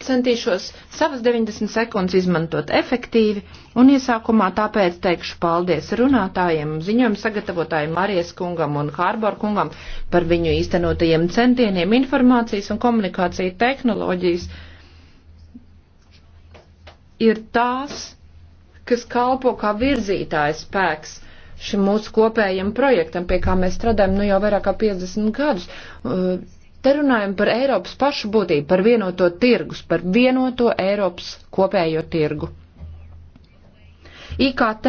Speaker 2: centīšos savas 90 sekundes izmantot efektīvi, un iesākumā tāpēc teikšu paldies runātājiem, ziņojumu sagatavotājiem Marijas kungam un Hārbor kungam par viņu īstenotajiem centieniem informācijas un komunikācija tehnoloģijas ir tās, kas kalpo kā virzītājs spēks šim mūsu kopējam projektam, pie kā mēs strādājam nu jau vairāk kā 50 gadus. Uh, te runājam par Eiropas pašu būtību, par vienoto tirgus, par vienoto Eiropas kopējo tirgu. IKT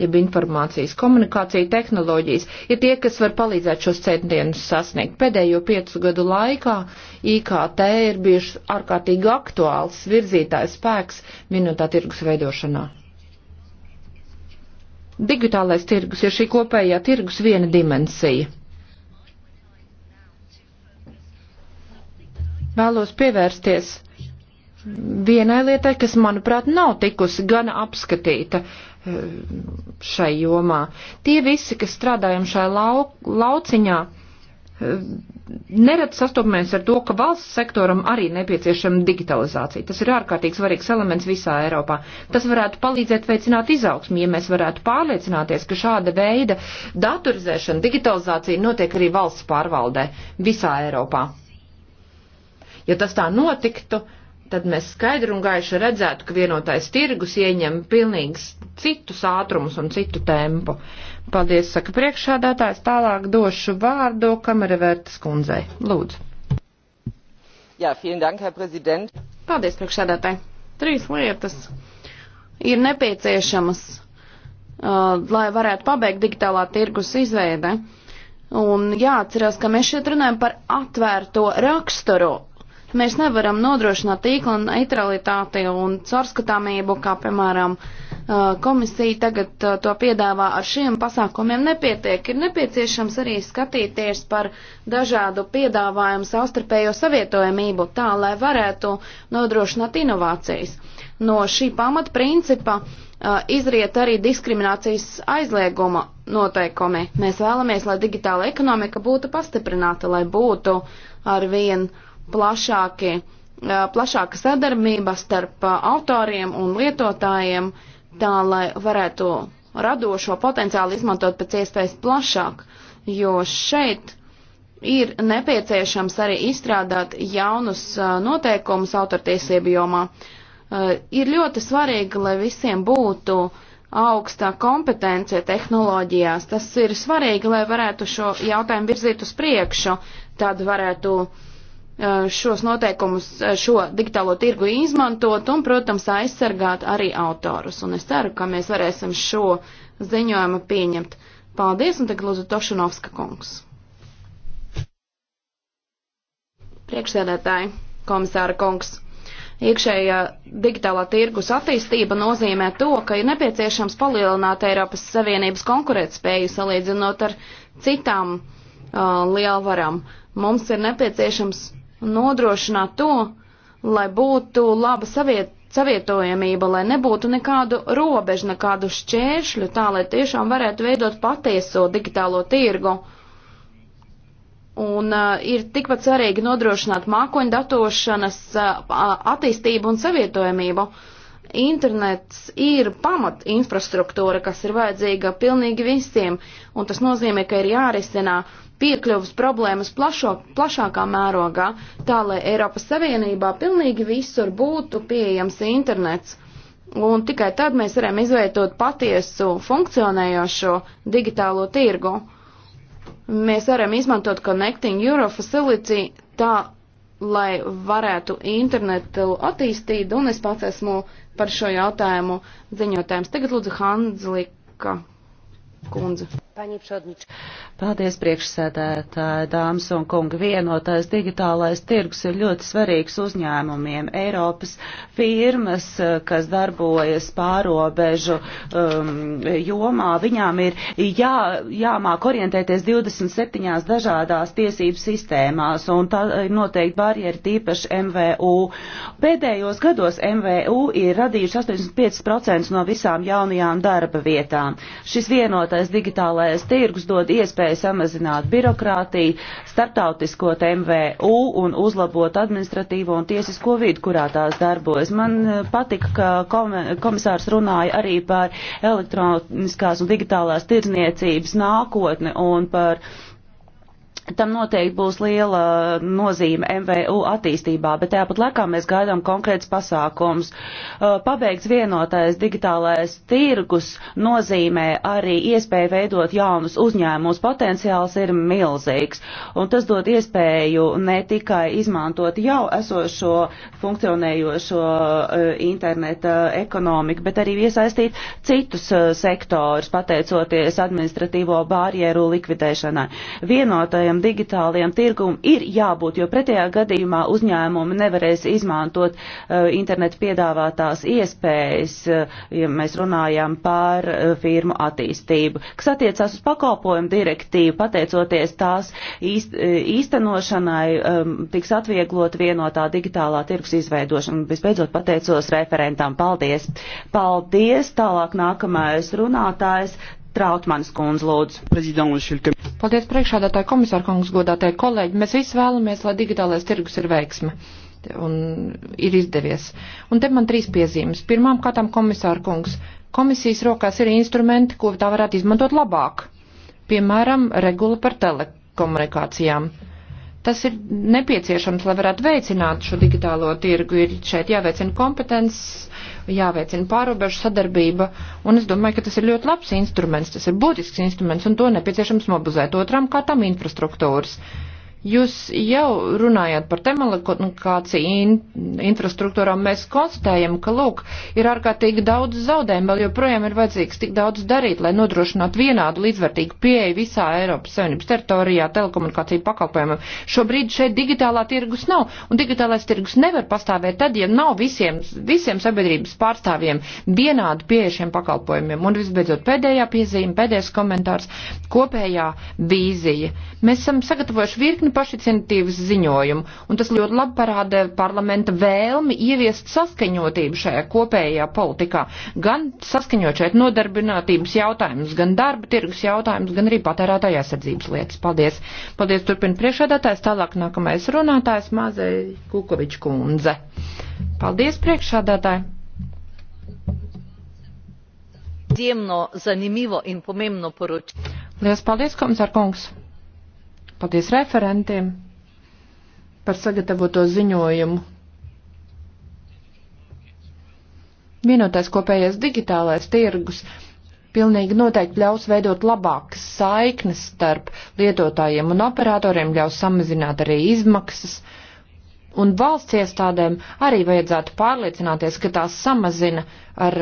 Speaker 2: jeb informācijas komunikācija tehnoloģijas, ir tie, kas var palīdzēt šos centienus sasniegt. Pēdējo piecu gadu laikā IKT ir bijis ārkārtīgi aktuāls virzītājs spēks vienotā tirgus veidošanā. Digitālais tirgus ir šī kopējā tirgus viena dimensija. Vēlos pievērsties vienai lietai, kas, manuprāt, nav tikusi gana apskatīta uh, Eh, šai jomā. Tie visi, kas strādājam šajā lau, lauciņā, eh, neredz sastopamies ar to, ka valsts sektoram arī nepieciešama digitalizācija. Tas ir ārkārtīgi svarīgs elements visā Eiropā. Tas varētu palīdzēt veicināt izaugsmu, ja mēs varētu pārliecināties, ka šāda veida datorizēšana, digitalizācija notiek arī valsts pārvaldē visā Eiropā. Ja tas tā notiktu, tad mēs skaidri un gaiši redzētu, ka vienotais tirgus ieņem pilnīgs citus ātrumus un citu tempu. Paldies, saka priekšādātājs. Tālāk došu vārdu kameravērtas kundzei. Lūdzu.
Speaker 3: Jā, vielen dank, herr prezident. Paldies, priekšādātāji. Trīs lietas ir nepieciešamas, uh, lai varētu pabeigt digitālā tirgus izveide. Un jāatcerās, ka mēs šeit runājam par atvērto raksturu Mēs nevaram nodrošināt tīkla neutralitāti un caurskatāmību, kā piemēram komisija tagad to piedāvā ar šiem pasākumiem nepietiek. Ir nepieciešams arī skatīties par dažādu piedāvājumu savstarpējo savietojamību tā, lai varētu nodrošināt inovācijas. No šī pamatprincipa izriet arī diskriminācijas aizlieguma noteikumi. Mēs vēlamies, lai digitāla ekonomika būtu pastiprināta, lai būtu arvien uh, plašāki, plašāka sadarbība starp autoriem un lietotājiem, tā lai varētu radošo potenciālu izmantot pēc iespējas plašāk, jo šeit ir nepieciešams arī izstrādāt jaunus noteikumus autortiesību jomā. Ir ļoti svarīgi, lai visiem būtu augstā kompetence tehnoloģijās. Tas ir svarīgi, lai varētu šo jautājumu virzīt uz priekšu, tad varētu uh, šos noteikumus, šo digitālo tirgu izmantot un, protams, aizsargāt arī autorus. Un es ceru, ka mēs varēsim šo ziņojumu pieņemt. Paldies, un tagad lūdzu Tošanovska kungs. Priekšsēdētāji, komisāra kungs. Iekšējā digitālā tirgus attīstība nozīmē to, ka ir nepieciešams palielināt Eiropas Savienības konkurētspēju salīdzinot ar citām uh, lielvarām. Mums ir nepieciešams un nodrošināt to, lai būtu laba saviet, savietojamība, lai nebūtu nekādu robežu, nekādu šķēršļu, tā lai tiešām varētu veidot patieso digitālo tirgu. Un uh, ir tikpat svarīgi nodrošināt mākoņu datošanas uh, attīstību un savietojamību. Internets ir pamat infrastruktūra, kas ir vajadzīga pilnīgi visiem, un tas nozīmē, ka ir jārisina uh, piekļuvas problēmas plašo, plašākā mērogā, tā lai Eiropas Savienībā pilnīgi visur būtu pieejams internets. Un tikai tad mēs varam izveidot patiesu funkcionējošo digitālo tirgu. Mēs varam izmantot Connecting Europe Facility tā, lai varētu internetu attīstīt, un es pats esmu par šo jautājumu ziņotājums. Tagad lūdzu Hanzlika
Speaker 1: kundze. Paldies, priekšsēdētāji, dāmas un kungi. Vienotais digitālais tirgus ir ļoti svarīgs uzņēmumiem. Eiropas firmas, kas darbojas pārobežu um, jomā, viņām ir jā, jāmāk orientēties 27 dažādās tiesību sistēmās, un tā ir noteikti barjeri tīpaši MVU. Pēdējos gados MVU ir radījuši 85% no visām jaunajām darba vietām. Šis vienotais digitālais Digitālais tirgus dod iespēju samazināt birokrātiju, starptautiskot MVU un uzlabot administratīvo un tiesisko vidu, kurā tās darbojas. Man eh, patika, ka komisārs runāja arī par elektroniskās un digitālās tirdzniecības nākotni un par Tam noteikti būs liela nozīme MVU attīstībā, bet tāpat laikā mēs gaidām konkrēts pasākums. Pabeigts vienotais digitālais tirgus nozīmē arī iespēju veidot jaunus uzņēmumus. Potenciāls ir milzīgs, un tas dod iespēju ne tikai izmantot jau esošo funkcionējošo interneta ekonomiku, bet arī iesaistīt citus sektorus, pateicoties administratīvo bārjeru likvidēšanai. Vienotajam iekšējiem digitāliem tirgum ir jābūt, jo pretējā gadījumā uzņēmumi nevarēs izmantot uh, internetu piedāvātās iespējas, uh, ja mēs runājam par uh, firmu attīstību. Kas attiecās uz pakalpojumu direktīvu, pateicoties tās īst, uh, īstenošanai, um, tiks atvieglot vienotā digitālā tirgus izveidošana. Visbeidzot, pateicos referentam. Paldies! Paldies! Tālāk nākamais runātājs Trautmanis kundze lūdzu. Paldies priekšādātāji komisāra kungs, godātāji
Speaker 2: kolēģi. Mēs visi vēlamies, lai digitālais tirgus ir veiksme un ir izdevies. Un te man trīs piezīmes. Pirmām kārtām komisāra kungs. Komisijas rokās ir instrumenti, ko tā varētu izmantot labāk. Piemēram, regula par telekomunikācijām. Uh, tas ir nepieciešams, lai varētu veicināt šo digitālo tirgu. Ir šeit jāveicina kompetences, jāveicina pārobežu sadarbība, un es domāju, ka tas ir ļoti labs instruments, tas ir būtisks instruments, un to nepieciešams mobilizēt otram kārtam infrastruktūras. Uh, Jūs jau runājāt par telekomunikāciju in, infrastruktūrām. Mēs konstatējam, ka, lūk, ir ārkārtīgi daudz zaudējumu, vēl joprojām ir vajadzīgs tik daudz darīt, lai nodrošinātu vienādu līdzvērtīgu pieeju visā Eiropas Savienības teritorijā telekomunikāciju pakalpojumam. Šobrīd šeit digitālā tirgus nav, un digitālais tirgus nevar pastāvēt tad, ja nav visiem, visiem sabiedrības pārstāvjiem vienādu pieeju šiem pakalpojumiem. Un visbeidzot, pēdējā piezīme, pēdējais komentārs - kopējā vīzija. Mēs esam sagatavojuši virkni vienu pašicientīvas ziņojumu, un tas ļoti labi parāda parlamenta vēlmi ieviest saskaņotību šajā kopējā politikā, gan saskaņot šeit nodarbinātības jautājumus, gan darba tirgus jautājumus, gan arī patērētāja aizsardzības lietas. Paldies! Paldies, turpina priekšādātājs, tālāk nākamais runātājs Mazai Kukoviča kundze. Paldies, priekšādātāji!
Speaker 3: izjemno zanimivo in pomembno poročilo.
Speaker 2: Paldies referentiem par sagatavoto ziņojumu. Vienotais kopējais digitālais tirgus pilnīgi noteikti ļaus veidot labākas saiknes starp lietotājiem un operatoriem, ļaus samazināt arī izmaksas. Un valsts iestādēm arī vajadzētu pārliecināties, ka tās samazina ar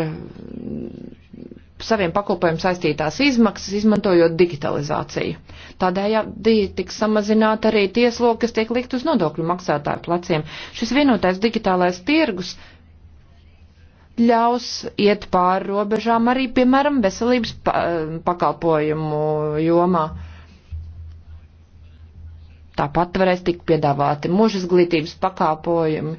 Speaker 2: saviem pakalpojumiem saistītās izmaksas, izmantojot digitalizāciju. Tādējādi tiks samazināta arī tiesloka, kas tiek likt uz nodokļu maksātāju pleciem. Šis vienotais digitālais tirgus ļaus iet pāri robežām arī, piemēram, veselības pa eh, pakalpojumu jomā. Tāpat varēs tikt piedāvāti mūža izglītības pakalpojumi.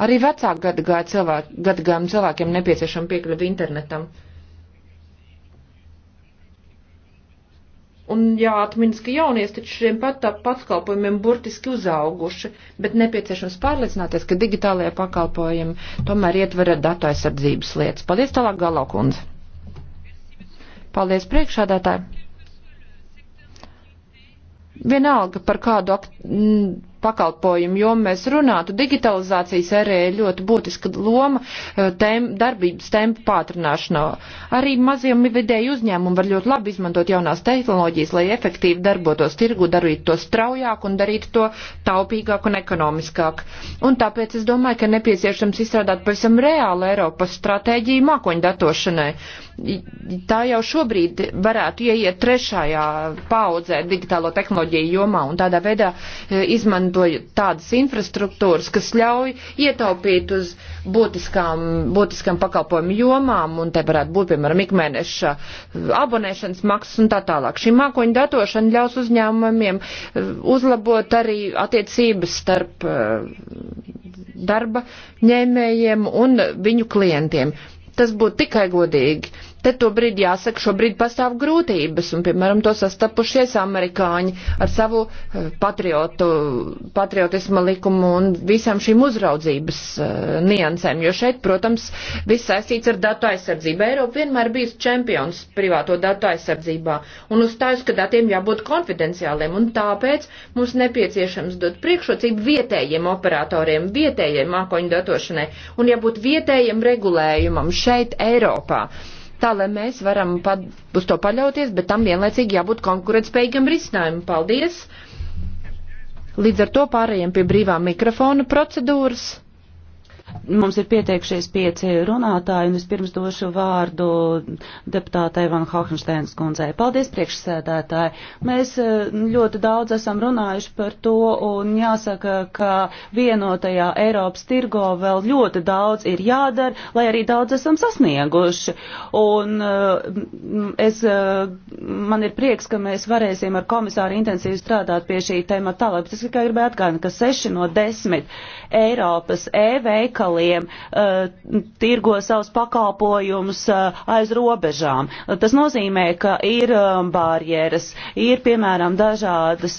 Speaker 2: Arī vecāku gadagājumu cilvēkiem nepieciešama piekļuva internetam. Un jāatminas, ka jaunies taču šiem pat pakalpojumiem burtiski uzauguši, bet nepieciešams pārliecināties, ka digitālajā pakalpojumi tomēr ietver datu aizsardzības lietas. Paldies tālāk, Galokundze. Paldies priekšādātāji. Vienalga par kādu pakalpojumu jomu mēs runātu, digitalizācijas arī ir ļoti būtiska loma eh, tēm, darbības tempu pātrināšanā. Arī maziem vidēji uzņēmumi var ļoti labi izmantot jaunās tehnoloģijas, lai efektīvi darbotos tirgu, darītu to straujāk un darītu to taupīgāk un ekonomiskāk. Un tāpēc es domāju, ka nepieciešams izstrādāt pavisam reālu Eiropas stratēģiju mākoņdatošanai. Tā jau šobrīd varētu ieiet trešajā paudzē digitālo tehnoloģiju jomā un tādā veidā eh, izmantot izmantoju tādas infrastruktūras, kas ļauj ietaupīt uz būtiskām, būtiskām pakalpojumu jomām, un te varētu būt, piemēram, ikmēneša abonēšanas maksas un tā tālāk. Šī mākoņa datošana ļaus uzņēmumiem eh, uzlabot arī attiecības starp eh, darba ņēmējiem un viņu klientiem. Tas būtu tikai godīgi Te to brīdi jāsaka, šobrīd pastāv grūtības, un, piemēram, to sastapušies amerikāņi ar savu eh, patriotu, patriotisma likumu un visām šīm uzraudzības uh, niansēm, jo šeit, protams, viss saistīts ar datu aizsardzību. Eiropa vienmēr bijusi čempions privāto datu aizsardzībā, un uzstājas, ka datiem jābūt konfidenciāliem, un tāpēc mums nepieciešams dot priekšrocību vietējiem operatoriem, vietējiem mākoņu datošanai, un jābūt vietējiem regulējumam šeit Eiropā tā lai mēs varam pat uz to paļauties, bet tam vienlaicīgi jābūt konkurētspējīgam risinājumam. Paldies!
Speaker 1: Līdz ar to pārējiem pie brīvā mikrofona procedūras. Mums ir pieteikšies pieci runātāji, un es pirms došu vārdu deputātei Van Hohensteins kundzei. Paldies, priekšsēdētāji! Mēs eh, ļoti daudz esam runājuši par to, un jāsaka, ka vienotajā Eiropas tirgo vēl ļoti daudz ir jādara, lai arī daudz esam sasnieguši. Un eh, es, eh, man ir prieks, ka mēs varēsim ar komisāru intensīvi strādāt pie šī temata tālāk. Es tikai gribēju atgādināt, ka seši no desmit Eiropas e-veikali veikaliem eh, tirgo savus pakalpojumus eh, aiz robežām. Tas nozīmē, ka ir eh, barjeras, ir piemēram dažādas,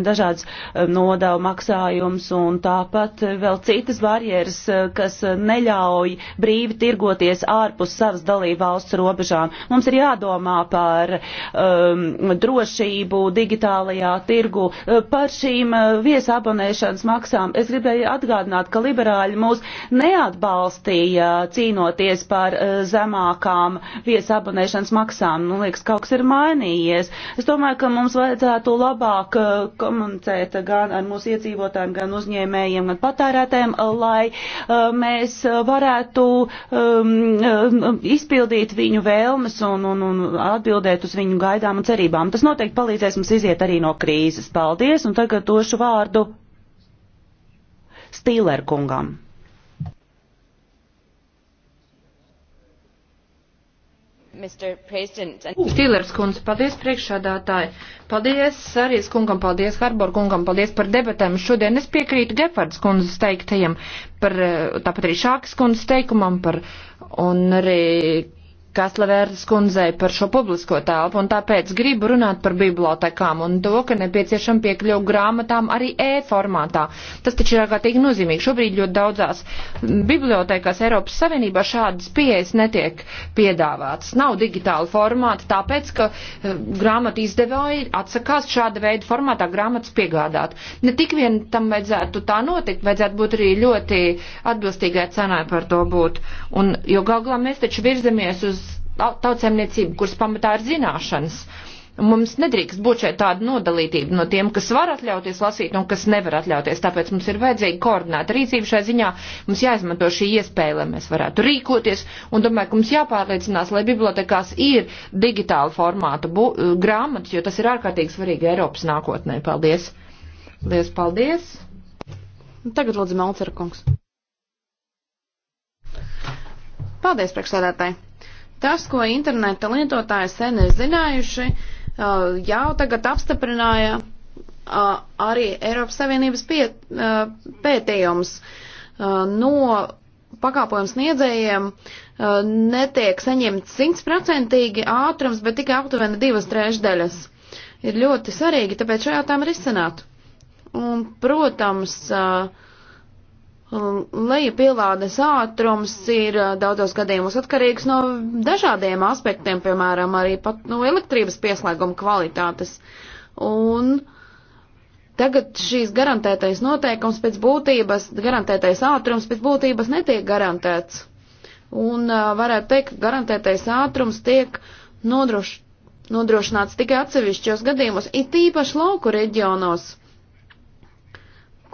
Speaker 1: dažādas nodevu maksājums un tāpat vēl citas barjeras, kas neļauj brīvi tirgoties ārpus savas dalību valsts robežām. Mums ir jādomā par um, drošību digitālajā tirgu, par šīm viesabonēšanas maksām. Es gribēju atgādināt, ka liberāļi mūs mūs neatbalstīja cīnoties par eh, zemākām viesabonēšanas maksām. Man nu, liekas, kaut kas ir mainījies. Es domāju, ka mums vajadzētu labāk eh, komunicēt gan ar mūsu iedzīvotājiem, gan uzņēmējiem, gan patērētājiem, lai eh, mēs varētu um, izpildīt viņu vēlmes un, un, un atbildēt uz viņu gaidām un cerībām. Tas noteikti palīdzēs mums iziet arī no krīzes. Paldies, un tagad došu vārdu Stīler kungam.
Speaker 3: Stīlers kundze,
Speaker 2: paldies priekšādātāji. Paldies Sarijas kungam, paldies Harbor kungam, paldies par debatēm. Šodien es piekrītu Gefards kundzes teiktajiem, par, eh, tāpat arī Šākas kundzes teikumam par, un arī Kaslavēras kundzei par šo publisko telpu, un tāpēc gribu runāt par bibliotekām un to, ka nepieciešam piekļuvu grāmatām arī e-formātā. Tas taču ir ārkārtīgi nozīmīgi. Šobrīd ļoti daudzās bibliotekās Eiropas Savienībā šādas pieejas netiek piedāvātas. Nav digitāla formāta, tāpēc, ka eh, grāmatu izdevēji atsakās šāda veida formātā grāmatas piegādāt. Ne tik vien tam vajadzētu tā notikt, vajadzētu būt arī ļoti atbilstīgai cenai par to būt. Un, jo galvā mēs taču virzamies uz tautsēmniecība, kuras pamatā ir zināšanas. Mums nedrīkst būt šeit tāda nodalītība no tiem, kas var atļauties lasīt un kas nevar atļauties. Tāpēc mums ir vajadzīga koordinēta rīcība šai ziņā. Mums jāizmanto šī iespēja, lai mēs varētu rīkoties. Un domāju, ka mums jāpārliecinās, lai bibliotekās ir digitāla formāta eh, grāmatas, jo tas ir ārkārtīgi svarīgi Eiropas nākotnē. Paldies!
Speaker 3: Lies paldies! Tagad lūdzu Malcerkungs. Paldies, priekšsēdētāji! Tas, ko interneta lietotāji sen ir zinājuši, uh, jau tagad apstiprināja uh, arī Eiropas Savienības pie, uh, pētījums no pakāpojums sniedzējiem netiek saņemts simtprocentīgi ātrums, bet tikai aptuveni divas trešdaļas. Ir ļoti svarīgi, tāpēc šo jautājumu risinātu. Un, protams, uh, Um, Lejapilādes ātrums ir uh, daudzos gadījumos atkarīgs no dažādiem aspektiem, piemēram, arī pat no nu, elektrības pieslēguma kvalitātes. Un tagad šīs garantētais noteikums pēc būtības, garantētais ātrums pēc būtības netiek garantēts. Un uh, varētu teikt, ka garantētais ātrums tiek nodroš, nodrošināts tikai atsevišķos gadījumos, it īpaši lauku reģionos,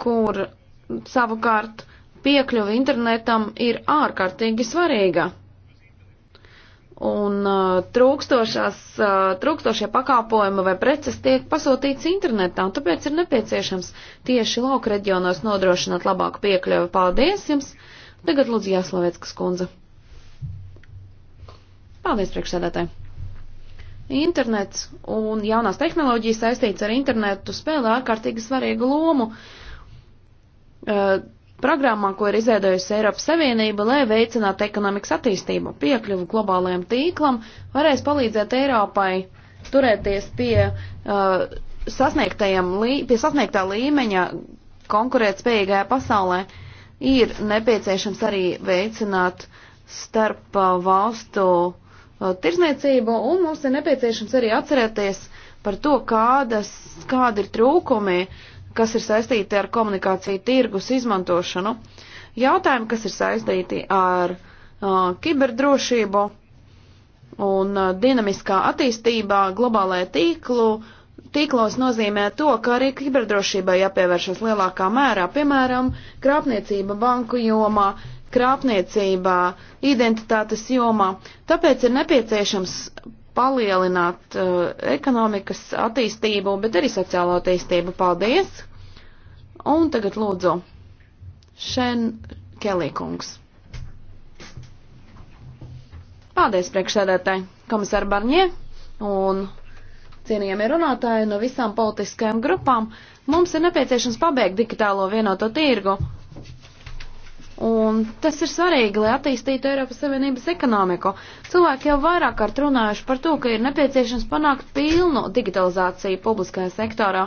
Speaker 3: kur savukārt piekļuva internetam ir ārkārtīgi svarīga. Un uh, trūkstošās, uh, trūkstošie pakāpojumi vai preces tiek pasūtīts internetā, un tāpēc ir nepieciešams tieši lauka reģionos nodrošināt labāku piekļuvi. Paldies jums! Tagad lūdzu Jāslovēckas kundze. Paldies priekšsēdētāji! Internets un jaunās tehnoloģijas saistīts ar internetu spēlē ārkārtīgi svarīgu lomu. Uh, uh, programmām, ko ir izveidojusi Eiropas Savienība, lai veicinātu ekonomikas attīstību. Piekļuvu globālajam tīklam varēs palīdzēt Eiropai turēties pie, uh, lī, pie sasniegtā līmeņa konkurētspējīgajā pasaulē. Ir nepieciešams arī veicināt starp uh, valstu uh, tirzniecību, un mums ir nepieciešams arī atcerēties par to, kādas, kādi ir trūkumi uh, kas ir saistīti ar komunikāciju tirgus izmantošanu, jautājumi, kas ir saistīti ar uh, kiberdrošību un uh, dinamiskā attīstībā globālajā tīklu. Tīklos nozīmē to, ka arī kiberdrošībai jāpievēršas lielākā mērā, piemēram, krāpniecība banku jomā, krāpniecībā, identitātes jomā. Tāpēc ir nepieciešams palielināt uh, ekonomikas attīstību, bet arī sociālo attīstību. Paldies! Un tagad lūdzu Šen Kelīkungs. Paldies priekšsēdētāji, komisāri Barņie un cienījamie runātāji no visām politiskajām grupām. Mums ir nepieciešams pabeigt digitālo vienoto tirgu Un tas ir svarīgi, lai attīstītu Eiropas Savienības ekonomiku. Cilvēki jau vairāk kārt runājuši par to, ka ir nepieciešams panākt pilnu digitalizāciju publiskajā sektorā,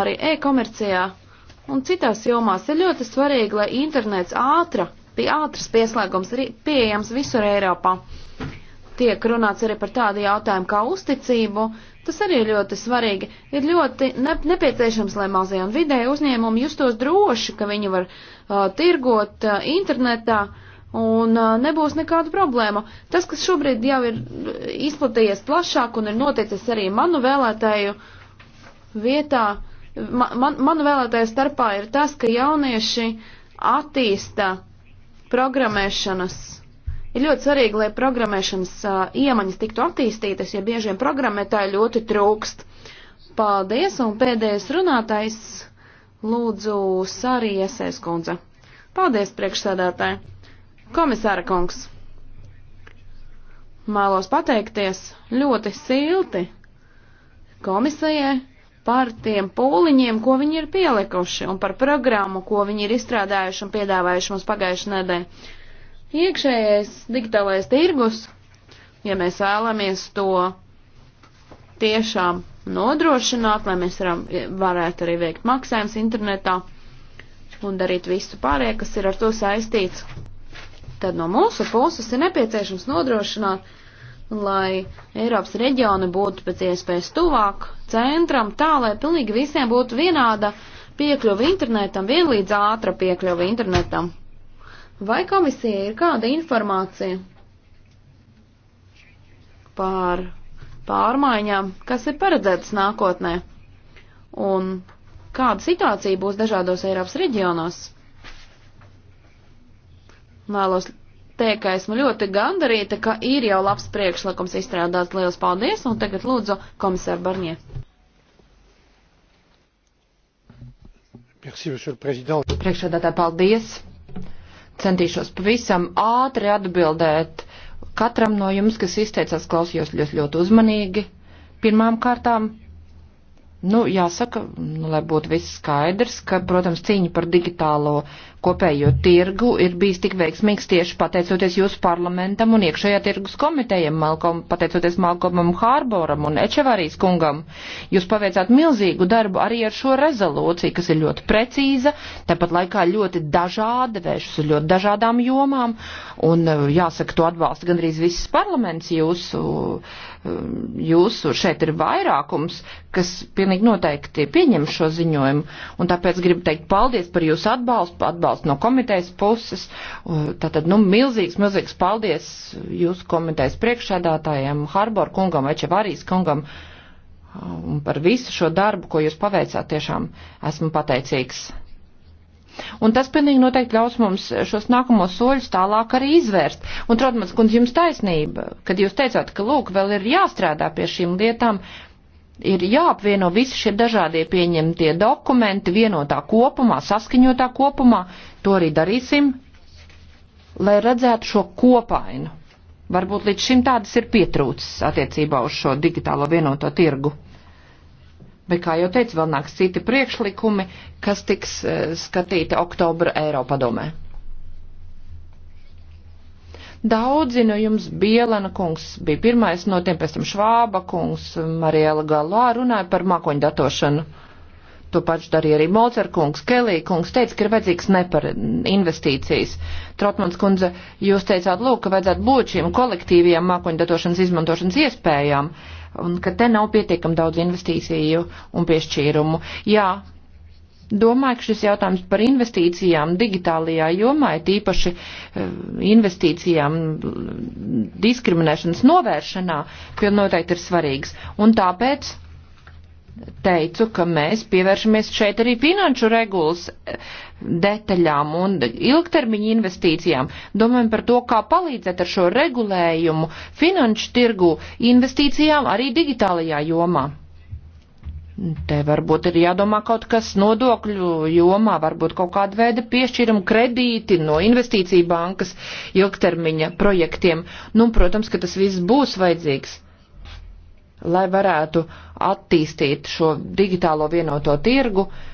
Speaker 3: arī e-komercijā un citās jomās. Ir ļoti svarīgi, lai internets ātra, pie ātras pieslēgums ir pieejams visur Eiropā. Tiek runāts arī par tādu jautājumu kā uzticību, Tas arī ir ļoti svarīgi. Ir ļoti ne, nepieciešams, lai mazie un vidēji uzņēmumi justos droši, ka viņi var uh, tirgot uh, internetā un uh, nebūs nekādu problēmu. Tas, kas šobrīd jau ir izplatījies plašāk un ir noticis arī manu vēlētāju vietā, ma, man, manu vēlētāju starpā ir tas, ka jaunieši attīsta programmēšanas Ir ļoti svarīgi, lai programmēšanas uh, iemaņas tiktu attīstītas, jo biežiem programmētāji ļoti trūkst. Paldies, un pēdējais runātais lūdzu Sārī Esēs kundze. Paldies, priekšsēdētāji. Komisāra kungs. Mālos pateikties ļoti silti komisijai par tiem pūliņiem, ko viņi ir pielikuši, un par programmu, ko viņi ir izstrādājuši un piedāvājuši mums pagājušajā nedēļā. Iekšējais digitālais tirgus, ja mēs vēlamies to tiešām nodrošināt, lai mēs varam, varētu arī veikt maksājums internetā un darīt visu pārējo, kas ir ar to saistīts, tad no mūsu puses ir nepieciešams nodrošināt, lai Eiropas reģioni būtu pēc iespējas tuvāk centram, tā lai pilnīgi visiem būtu vienāda piekļuva internetam, vienlīdz ātra piekļuva internetam. Vai komisija ir kāda informācija par pārmaiņām, kas ir paredzētas nākotnē? Un kāda situācija būs dažādos Eiropas reģionos? Vēlos teikt, ka esmu ļoti gandarīta, ka ir jau labs priekšlikums izstrādāts. Lielas paldies, un tagad lūdzu komisāru Barnie.
Speaker 1: Priekšsēdētāji,
Speaker 3: paldies!
Speaker 2: Centīšos pavisam ātri atbildēt katram no jums, kas izteicās, klausījos ļoti, ļoti uzmanīgi. Pirmām kārtām, nu, jāsaka, nu, lai būtu viss skaidrs, ka, protams, cīņa par digitālo uh, kopējo tirgu ir bijis tik veiksmīgs tieši pateicoties jūsu parlamentam un iekšējā tirgus komitejiem, Malkom, pateicoties Malkomam Hārboram un Ečevarijas kungam. Jūs paveicāt milzīgu darbu arī ar šo rezolūciju, kas ir ļoti precīza, tāpat laikā ļoti dažāda, vēršas uz ļoti dažādām jomām, un uh, jāsaka, to atbalsta gandrīz viss parlaments jūsu, uh, jūsu šeit ir vairākums, kas pilnīgi noteikti pieņem šo ziņojumu, un tāpēc gribu teikt paldies par jūsu atbalstu, atbalstu atbalstu no komitejas puses. Tātad, nu, milzīgs, milzīgs paldies jūsu komitejas priekšsēdātājiem, Harbor kungam vai Čevarijas kungam. Un par visu šo darbu, ko jūs paveicāt, tiešām esmu pateicīgs. Un tas pilnīgi noteikti ļaus mums šos nākamos soļus tālāk arī izvērst. Un, protams, kundze, jums taisnība, kad jūs teicāt, ka, lūk, vēl ir jāstrādā pie šīm lietām, uh, ir jāapvieno visi šie dažādie pieņemtie dokumenti vienotā kopumā, saskaņotā kopumā. To arī darīsim, lai redzētu šo kopainu. Varbūt līdz šim tādas ir pietrūcis attiecībā uz šo digitālo vienoto tirgu. Bet, kā jau teicu, vēl nāks citi priekšlikumi, kas tiks eh, skatīti oktobra Eiropadomē. Daudzi no jums, Bielana kungs, bija pirmais no tiem, pēc tam Švāba kungs, Mariela Galā runāja par mākoņu datošanu. To pašu darīja arī Molcer kungs, Kelī kungs, teica, ka ir vajadzīgs nepar investīcijas. Trotmans kundze, jūs teicāt, lūk, ka vajadzētu būt šīm kolektīvajām mākoņu datošanas izmantošanas iespējām un ka te nav pietiekam daudz investīciju un piešķīrumu. Jā, Domāju, ka šis jautājums par investīcijām digitālajā jomā, tīpaši eh, investīcijām diskriminēšanas novēršanā, noteikti ir svarīgs. Un tāpēc teicu, ka mēs pievēršamies šeit arī finanšu regulas eh, detaļām un ilgtermiņa investīcijām. Domājam par to, kā palīdzēt ar šo regulējumu finanšu tirgu investīcijām arī digitālajā jomā. Te varbūt ir jādomā kaut kas nodokļu jomā, varbūt kaut kāda veida piešķiruma kredīti no investīcija bankas ilgtermiņa projektiem. Nu, protams, ka tas viss būs vajadzīgs, lai varētu attīstīt šo digitālo vienoto tirgu, uh,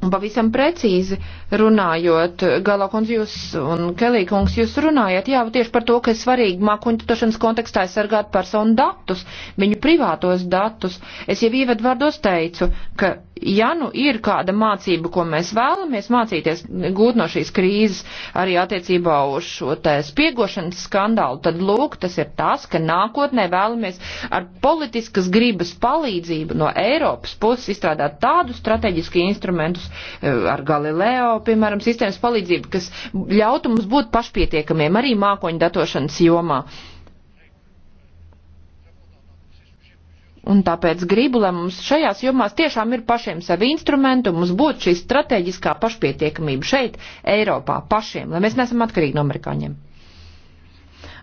Speaker 2: Un pavisam precīzi runājot, Galakons jūs un Kelīkungs jūs runājat, jā, tieši par to, ka ir svarīgi mākoņtošanas kontekstā aizsargāt personu datus, viņu privātos datus. Es jau ievadvārdos teicu, ka ja nu ir kāda mācība, ko mēs vēlamies mācīties, gūt no šīs krīzes arī attiecībā uz šo te spiegošanas skandālu, tad lūk, tas ir tas, ka nākotnē vēlamies ar politiskas gribas palīdzību no Eiropas puses izstrādāt tādu strateģisku instrumentus e, ar Galileo, piemēram, sistēmas palīdzību, kas ļautu mums būt pašpietiekamiem arī mākoņu datošanas jomā. Un tāpēc gribu, lai mums šajās jomās tiešām ir pašiem savi instrumenti, un mums būtu šī strateģiskā pašpietiekamība šeit, Eiropā, pašiem, lai mēs nesam atkarīgi no amerikāņiem.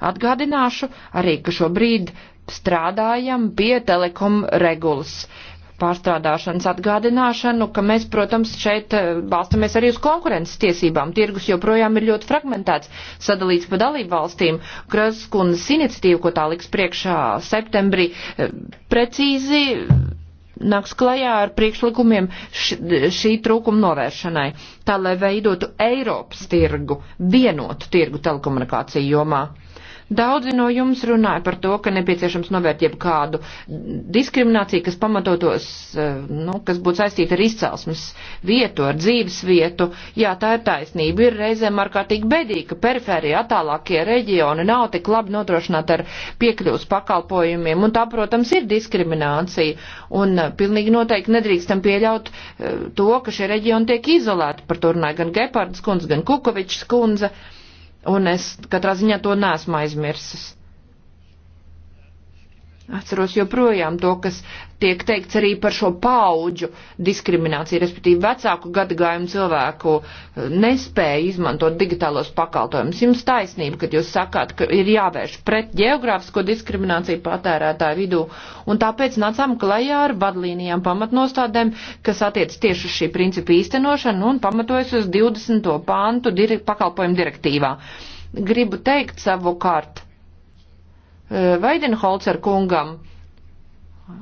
Speaker 2: Atgādināšu arī, ka šobrīd strādājam pie telekom regulas. Uh, pārstrādāšanas atgādināšanu, ka mēs, protams, šeit eh, balstamies arī uz konkurences tiesībām. Tirgus joprojām ir ļoti fragmentēts, sadalīts pa dalību valstīm. Kraskunas iniciatīva, ko tā liks priekšā septembrī, eh, precīzi nāks klajā ar priekšlikumiem š, šī trūkuma novēršanai, tā lai veidotu Eiropas tirgu, vienotu tirgu telekomunikāciju jomā. Daudzi no jums runāja par to, ka nepieciešams novērt jebkādu diskrimināciju, kas pamatotos, eh, nu, kas būtu saistīta ar izcelsmes vietu, ar dzīves vietu. Jā, tā ir taisnība. Ir reizēm ārkārtīgi bedīgi, ka perifērija attālākie reģioni nav tik labi nodrošināti ar piekļuvas pakalpojumiem, un tā, protams, ir diskriminācija. Un eh, pilnīgi noteikti nedrīkstam pieļaut eh, to, ka šie reģioni tiek izolēti. Par to runāja gan Gepards kundze, gan Kukovičs kundze. Uh, Un es katrā ziņā to nesmu aizmirsis. Atceros joprojām to, kas tiek teikts arī par šo paudžu diskrimināciju, respektīvi vecāku gadagājumu cilvēku eh, nespēju izmantot digitālos pakalpojumus. Jums taisnība, kad jūs sakāt, ka ir jāvērš pret geogrāfisko diskrimināciju patērētāju vidū, un tāpēc nācām klajā ar vadlīnijām pamatnostādēm, kas attiec tieši uz šī principa īstenošanu un pamatojas uz 20. pāntu dir pakalpojumu direktīvā. Gribu teikt savukārt Vaidenholzer kungam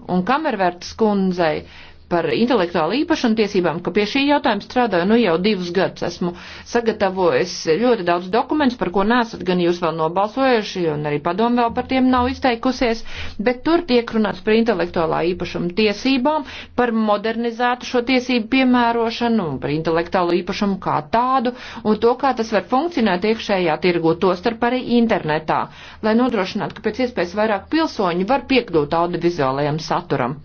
Speaker 2: un Kamervērts kundzei par intelektuālu īpašumu tiesībām, ka pie šī jautājuma strādāju nu jau divus gadus. Esmu sagatavojis ļoti daudz dokumentus, par ko nesat gan jūs vēl nobalsojuši, un arī padomu vēl par tiem nav izteikusies, bet tur tiek runāts par intelektuālā īpašuma tiesībām, par modernizētu šo tiesību piemērošanu, par intelektuālo īpašumu kā tādu, un to, kā tas var funkcionēt iekšējā tirgu, tostarp arī internetā, lai nodrošinātu, ka pēc iespējas vairāk pilsoņu var piekļūt audiovizuālajam saturam.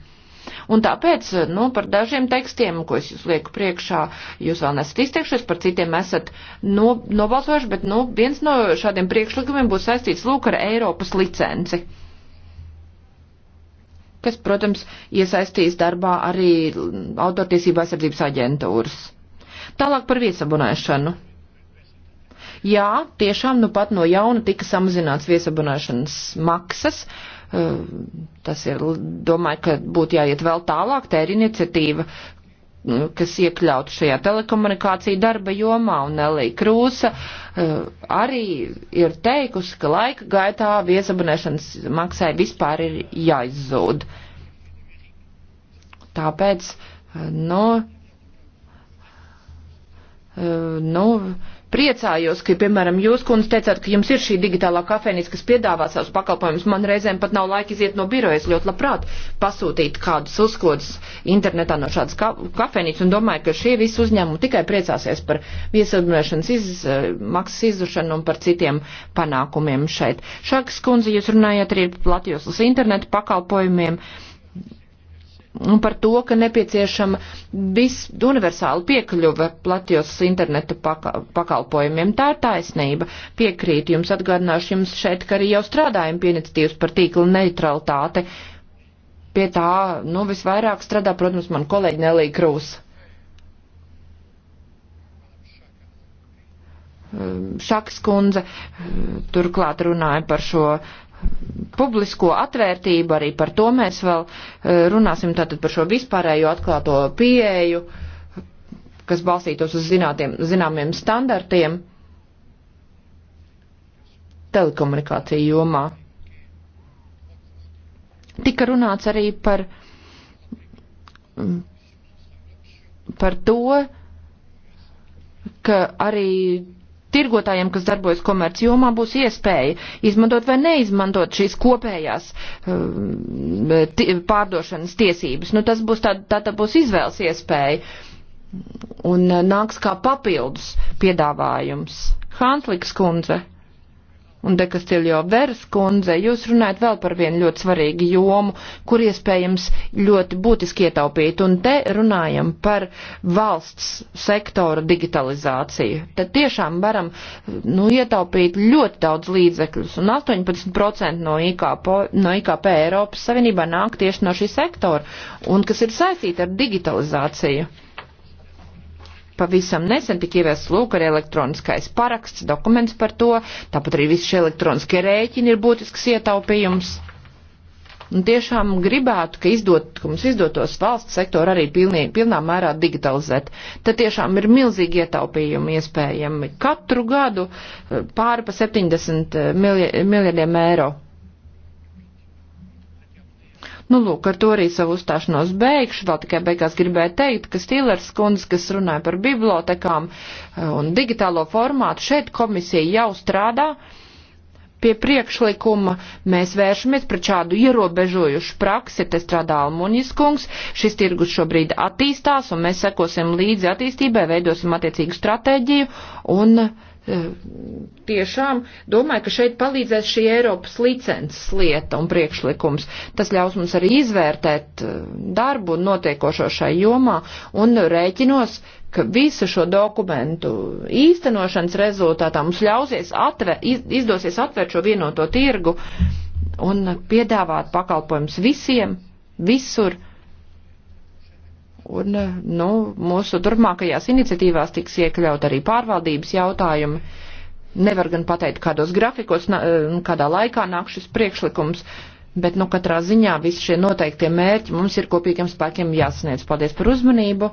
Speaker 2: Un tāpēc, nu, par dažiem tekstiem, ko es jūs lieku priekšā, jūs vēl nesat izteikšies, par citiem esat no, nobalsojuši, bet, nu, viens no šādiem priekšlikumiem būs saistīts lūk ar Eiropas licenci kas, protams, iesaistīs darbā arī autortiesībā aizsardzības aģentūras. Tālāk par viesabunēšanu. Jā, tiešām nu pat no jauna tika samazināts viesabunēšanas maksas. Uh, Um, tas ir, domāju, ka būtu jāiet vēl tālāk, tā ir iniciatīva, um, kas iekļautu šajā telekomunikāciju darba jomā, un Elija Krūsa um, arī ir teikusi, ka laika gaitā viesabunēšanas maksai vispār ir jāizzūd. Tāpēc, uh, nu, uh, nu, priecājos, ka, piemēram, jūs, kundze, teicāt, ka jums ir šī digitālā kafejnīca, kas piedāvā savus pakalpojumus. Man reizēm pat nav laika iziet no birojas. Ļoti labprāt pasūtīt kādus uzkodus internetā no šādas ka kafejnīcas un domāju, ka šie visi uzņēmumi tikai priecāsies par viesadmināšanas iz, maksas izdušanu un par citiem panākumiem šeit. Šāks, kundze, jūs runājat arī par platjoslas internetu pakalpojumiem un par to, ka nepieciešama visu universālu piekļuve platjos internetu paka pakalpojumiem. Tā ir taisnība. Piekrīt jums, atgādināšu jums šeit, ka arī jau strādājam pienicatīvas par tīkla neutralitāti. Pie tā, nu, visvairāk strādā, protams, man kolēģi Nelī Krūs. Šaks kundze turklāt runāja par šo publisko atvērtību, arī par to mēs vēl eh, runāsim, tātad par šo vispārējo atklāto pieeju, kas balstītos uz zinātiem, zināmiem standartiem telekomunikāciju jomā. Tika runāts arī par, mm, par to, ka arī tirgotājiem, kas darbojas komerci jomā, būs iespēja izmantot vai neizmantot šīs kopējās um, pārdošanas tiesības. Nu, tas būs tāda, tāda būs izvēles iespēja un uh, nāks kā papildus piedāvājums. Hantliks kundze. Un de Kastiljo Veras kundze, jūs runājat vēl par vienu ļoti svarīgu jomu, kur iespējams ļoti būtiski ietaupīt, un te runājam par valsts sektora digitalizāciju. Tad tiešām varam, nu, ietaupīt ļoti daudz līdzekļus, un 18% no IKP, no IKP Eiropas Savienībā nāk tieši no šī sektora, un kas ir saistīta ar digitalizāciju pavisam nesen tika ievests lūk arī elektroniskais paraksts, dokuments par to, tāpat arī visi šie elektroniskie rēķini ir būtisks ietaupījums. Un tiešām gribētu, ka, izdot, ka mums izdotos valsts sektoru arī pilnī, pilnā mērā digitalizēt. Tad tiešām ir milzīgi ietaupījumi iespējami. Katru gadu eh, pāri pa 70 eh, miljardiem eiro Nu, lūk, ar to arī savu uzstāšanos beigšu. Vēl tikai beigās gribēju teikt, ka Stīlers kundze, kas runāja par bibliotekām eh, un digitālo formātu, šeit komisija jau strādā pie priekšlikuma mēs vēršamies pret šādu ierobežojušu praksi, te strādā Almuņas kungs, šis tirgus šobrīd attīstās un mēs sekosim līdzi attīstībai, veidosim attiecīgu stratēģiju un uh, tiešām domāju, ka šeit palīdzēs šī Eiropas licences lieta un priekšlikums. Tas ļaus mums arī izvērtēt eh, darbu un notiekošo šai jomā un rēķinos, ka visu šo dokumentu īstenošanas rezultātā mums ļausies atver, izdosies atvērt šo vienoto tirgu un piedāvāt pakalpojumus visiem, visur Un, eh, nu, mūsu turpmākajās iniciatīvās tiks iekļaut arī pārvaldības jautājumi. Nevar gan pateikt, kādos grafikos, eh, kādā laikā nāk šis priekšlikums, bet, nu, katrā ziņā visi šie noteiktie mērķi mums ir kopīgiem spēkiem jāsasniedz. Paldies par uzmanību!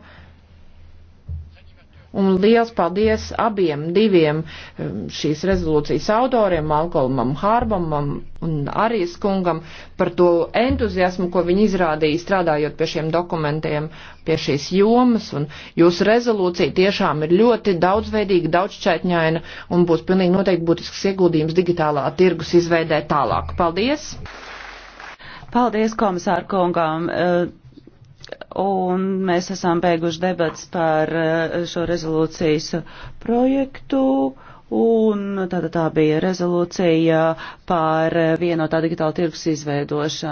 Speaker 2: Un liels paldies abiem diviem um, šīs rezolūcijas autoriem, Malkolmam Hārbamam un Arijas kungam par to entuziasmu, ko viņi izrādīja strādājot pie šiem dokumentiem, pie šīs jomas. Un jūsu rezolūcija tiešām ir ļoti daudzveidīga, daudzšķaitņaina un
Speaker 1: būs pilnīgi noteikti būtisks ieguldījums digitālā tirgus izveidē tālāk. Paldies! Paldies komisāru kungām! Eh, un mēs esam beiguši debats par eh, šo rezolūcijas projektu. Un tāda tā bija rezolūcija par vienotā digitāla tirgus izveidošanu.